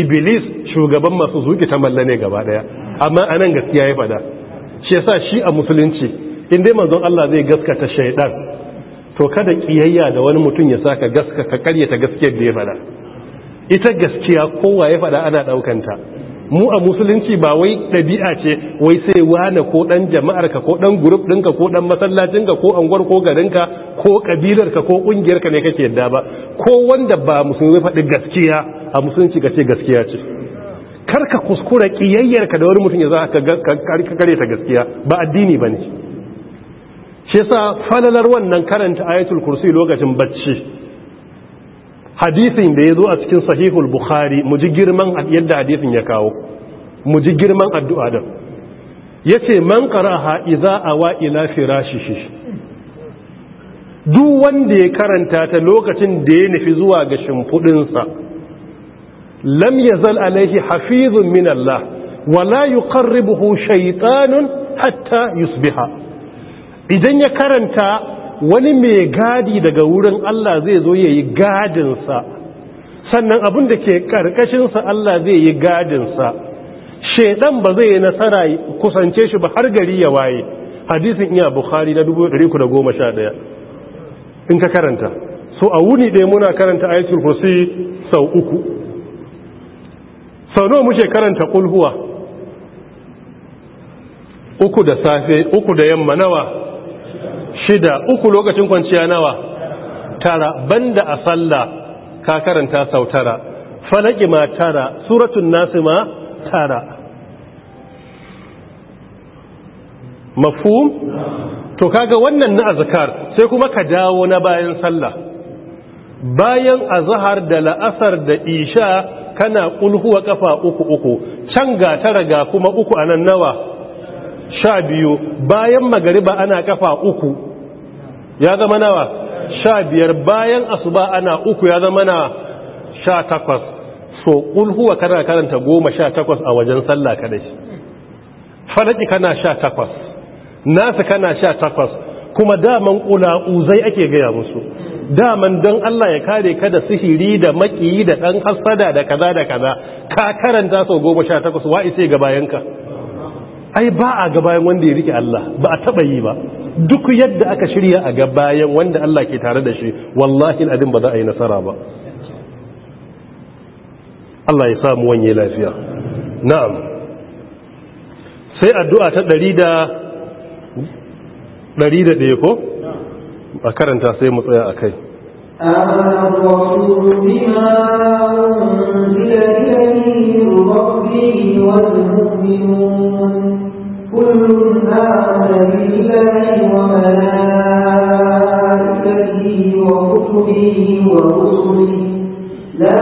iblis shugaban masu zuki ta malla ne gaba daya amma a nan gaskiya ya fada shi yasa shi a musulunci in dai manzon Allah zai gaskata shaidan to kada kiyayya da wani mutum ya saka gaska ka karyata gaskiyar da ya fada ita gaskiya kowa ya fada ana daukanta mu a musulunci ba wai dabi'a ce wai sai wani ko ɗan jama'arka ko ɗan group ɗinka ko ɗan masallacinka ko anguwar ko ka, ko ka ko ƙungiyarka ne kake yadda ba ko wanda ba musulmi fadi gaskiya a musulunci ka ce gaskiya ce karka kuskura ka da wani mutum ya za ka kare ta gaskiya ba addini ba ne shi yasa falalar wannan karanta ayatul kursi lokacin bacci hadisin da ya zo a cikin sahihul bukhari mu ji girman yadda hadisin ya kawo mu ji girman addu'a da ya ce man ƙaraha iza awa ila firashishi duk wanda ya karanta ta lokacin da ya nufi zuwa ga shimfudinsa lam ya zal alaihi hafizun min Allah wala yuqarribuhu shaytanun hatta yusbiha idan ya karanta wani mai gadi daga wurin Allah zai zo ya yi gadinsa sannan abin da ke ƙarƙashinsa Allah zai yi gadinsa shaidan ba zai yi nasara kusance shi ba har gari ya waye hadisin iya bukhari na 1311 in ka karanta so a wuni ɗaya muna karanta ayatul kursi sau uku sau nawa muke karanta kulhuwa uku da safe uku da yamma nawa shida uku lokacin kwanciya nawa tara banda a sallah ka karanta sau tara falaki ma tara suratun nasu ma tara mafhum to kaga wannan na azkar sai kuma ka dawo na bayan sallah bayan azhar da la'asar da isha kana kulhuwa kafa uku uku can ga tara ga kuma uku anan nawa sha biyu bayan magariba ana kafa uku ya zama nawa sha biyar bayan asuba ana uku ya zama na sha takwas so ƙulhuwa kana karanta goma sha takwas a wajen sallah kadai falaki kana sha takwas nasa kana sha takwas kuma daman uzai ake gaya musu daman don Allah ya kare ka da sihiri da makiyi da ɗan hasada da kaza da kaza ka karanta sau goma sha takwas wa ga bayanka ai ba a ga bayan wanda ya rike Allah ba a taɓa yi ba duk yadda aka shirya a ga bayan wanda Allah ke tare da shi wallahi abin ba za a yi nasara ba Allah ya samu wanye lafiya na'am sai addu'a ta 100 da ko a karanta sai mu tsaya a kai بالله وملائكته ورسله لا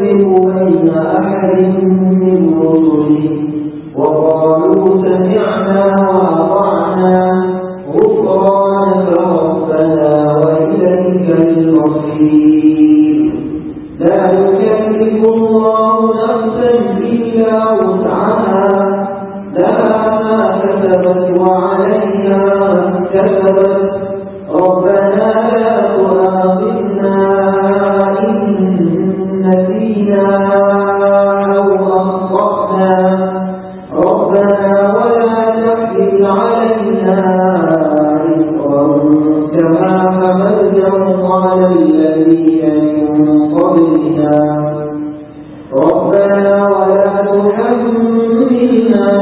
بين أحد من رسله وقالوا سمعنا وأطعنا غفرانك ربنا وإليك لا يكلف الله نفسا إلا وسعها لها ما كسبت وعليها ما اكتسبت ربنا لا تؤاخذنا إن نسينا أو أخطأنا ربنا ولا تحمل علينا إصرا كما حملته على الذين من قبلنا ربنا ولا تحملنا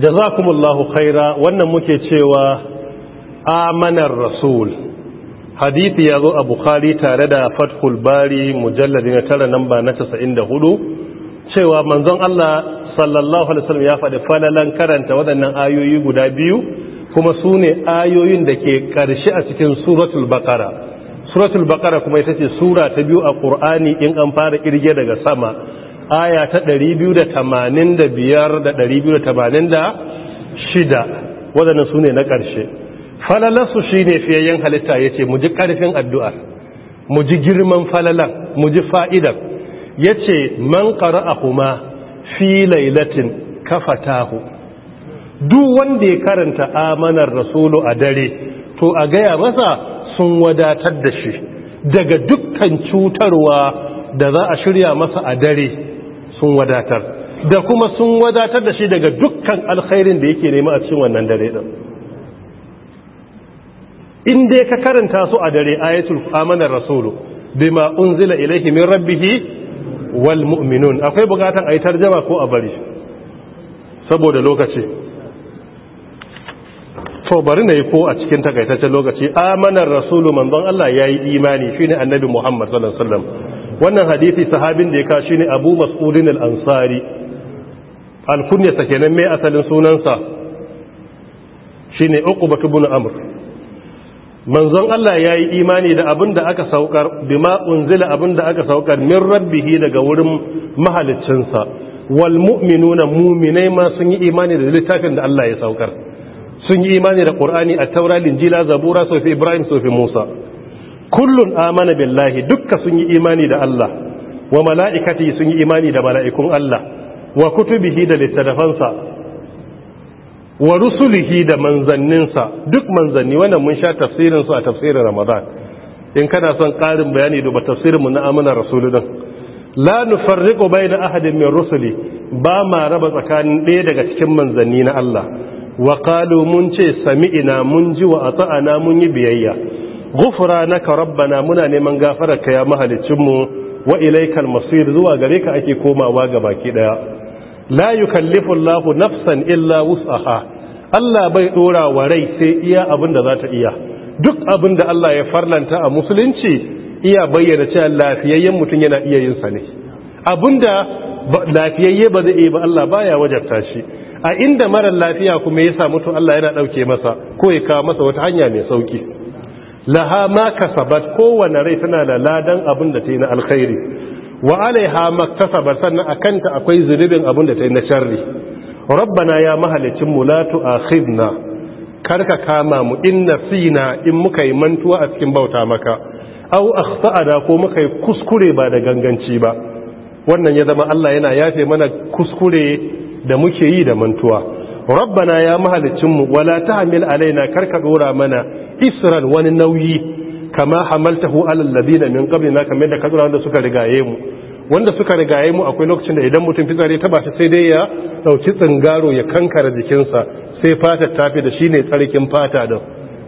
jazakumullahu khaira wannan muke cewa amanar rasul hadithi ya zo a bukhari tare da fathul bari mujalladi na tara namba na 94 cewa manzon Allah sallallahu alaihi wasallam ya faɗi falalan karanta waɗannan ayoyi guda biyu kuma su ne ayoyin da ke ƙarshe a cikin suratul baƙara suratul baƙara kuma ita ce sura ta biyu a ƙur'ani in an fara ƙirge daga sama aya ta biyu da shida, waɗannan su ne na ƙarshe falalarsu shi ne fiyayyen halitta ya ce mu ji ƙarfin addu'a mu ji girman falalan mu ji fa'idan ya ce man ƙara a kuma fi lailatin tahu. duk wanda ya karanta amanar rasulu a dare to a gaya masa sun wadatar da shi daga dukkan cutarwa da za a shirya masa a dare sun wadatar da kuma sun wadatar da shi daga dukkan alkhairin da yake nema a cikin wannan dare din in dai ka karanta su a dare ayatul amanar rasulu bima unzila ilayhi min rabbih wal mu'minun akwai bukatan ayi tarjuma ko a bari saboda lokaci to bari na yi ko a cikin takaitaccen lokaci amanar rasulu manzon Allah ya yi imani shi ne annabi Muhammad sallallahu alaihi wasallam wannan hadithi sahabin da ya ka shi ne Abu Mas'udin al-Ansari al kenan mai asalin sunansa shine Uqba ibn Amr manzon Allah ya yi imani da abin da aka saukar bima unzila abin da aka saukar min rabbihi daga wurin mahaliccinsa wal mu'minuna mu'minai ma sun yi imani da littafin da Allah ya saukar sun yi imani da ƙur'ani a taurarin linjila zabura sofi ibrahim sofi musa kullun amana billahi dukka sun yi imani da allah wa mala'ikati sun yi imani da mala'ikun allah wa kutubihi da littattafansa wa rusulihi da manzanninsa duk manzanni wannan mun sha tafsirinsu a tafsirin ramadan in kana son ƙarin bayani duba tafsirinmu na amana rasulun la nufarriqu bayna ahadin min rusuli ba ma raba tsakanin ɗaya daga cikin manzanni na Allah wa mun ce sami'ina mun ji wa ata'ana mun yi biyayya Gufura rabba rabbana muna neman ka ya mahalicinmu wa ilaikal masir zuwa gare ka ake komawa ga baki ɗaya. la kallifin lafu nafsan illa wus'aha Allah bai dora wa rai sai iya abin da za ta iya duk abin da Allah ya farlanta a musulunci iya bayyana cewa lafiyayyen mutum yana iya yin sa ne da lafiyayye ba zai iya ba Allah baya wajabta shi a inda marar lafiya kuma ya samu to Allah yana ɗauke masa ko ya kawo masa wata hanya mai sauki laha ma kasabat kowanne rai tana da ladan abin da ta yi na alkhairi wa alaiha ma kasabat sannan akanta akwai zunubin abin da ta yi na sharri rabbana ya mahalicin mu la akhidna karka kama mu in nasina in muka yi mantuwa a cikin bauta maka au akhta'ada ko muka yi kuskure ba da ganganci ba wannan ya zama Allah yana yafe mana kuskure da muke yi da mantuwa rabbana ya mahalicinmu wala ta hamil alaina karka dora mana isran wani nauyi kama hamaltahu alal ladina min qablina kamar da ka wanda suka rigaye mu wanda suka rigaye mu akwai lokacin da idan mutum fitsari ta bashi sai dai ya dauki tsingaro ya kankara jikinsa sai fata fi da shine tsarkin fata da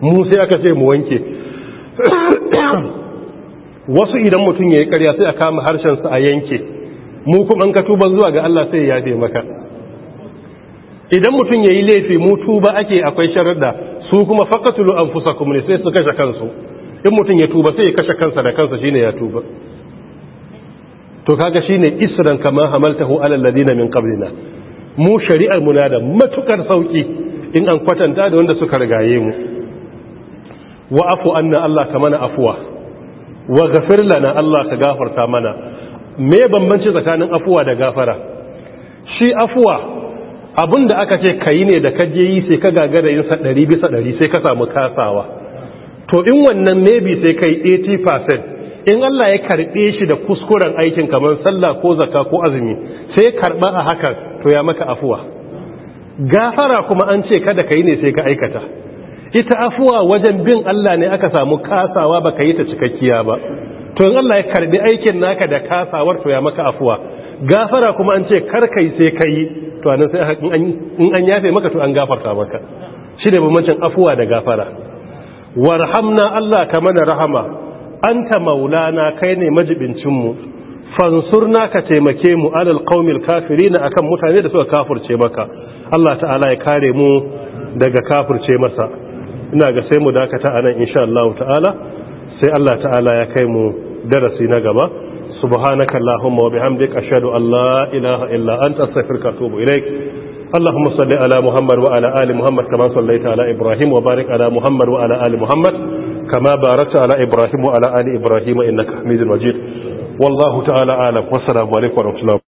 mu sai aka ce mu wanke wasu idan mutum yayi ƙarya sai a kama harshen sa a yanke mu kuma an ka tuban zuwa ga Allah sai ya yafe maka idan mutum ya yi laifi mu ba ake akwai da su kuma faqatulu fusa ne sai su kashe kansu in mutum ya tuba sai ya kashe kansa da kansa shine ya tuba to kaga shine isran kama hamaltahu alal ladina min qablina mu shari'ar mu na da matukar sauki in an kwatanta da wanda suka rigaye mu wa afu anna Allah ka mana afuwa wa ghafir lana Allah ka gafarta mana me bambanci tsakanin afuwa da gafara shi afuwa abin da aka ce kayi ne da ka je yi sai ka gagara yin ɗari bisa ɗari sai ka samu kasawa to in wannan maybe sai ka yi 80% in Allah ya karɓe shi da kuskuren aikin kamar sallah ko zaka ko azumi sai karɓa a haka to ya maka afuwa gafara kuma an ce kada ka yi ne sai ka aikata ita afuwa wajen bin Allah ne aka samu kasawa ba yi ta cikakkiya ba to in Allah ya karɓi aikin naka da kasawar to ya maka afuwa gafara kuma an ce karkai sai kai to anan sai in an yafe maka to an gafarta maka shi ne bambancin afuwa da gafara warhamna Allah ka mana rahama anta maulana kai ne majibincinmu fansurna ka taimake mu alal qaumil kafirina akan mutane da suka kafurce maka Allah ta'ala ya kare mu daga kafurce masa ina ga sai mu dakata anan insha Allah ta'ala sai Allah ta'ala ya kai mu darasi na gaba subhanaka allahumma wa bihamdik ashhadu an la ilaha illa anta astaghfiruka wa atubu ilaik اللهم صل على محمد وعلى ال محمد كما صليت على ابراهيم وبارك على محمد وعلى ال محمد كما باركت على ابراهيم وعلى ال ابراهيم انك حميد مجيد والله تعالى اعلم والسلام عليكم ورحمه الله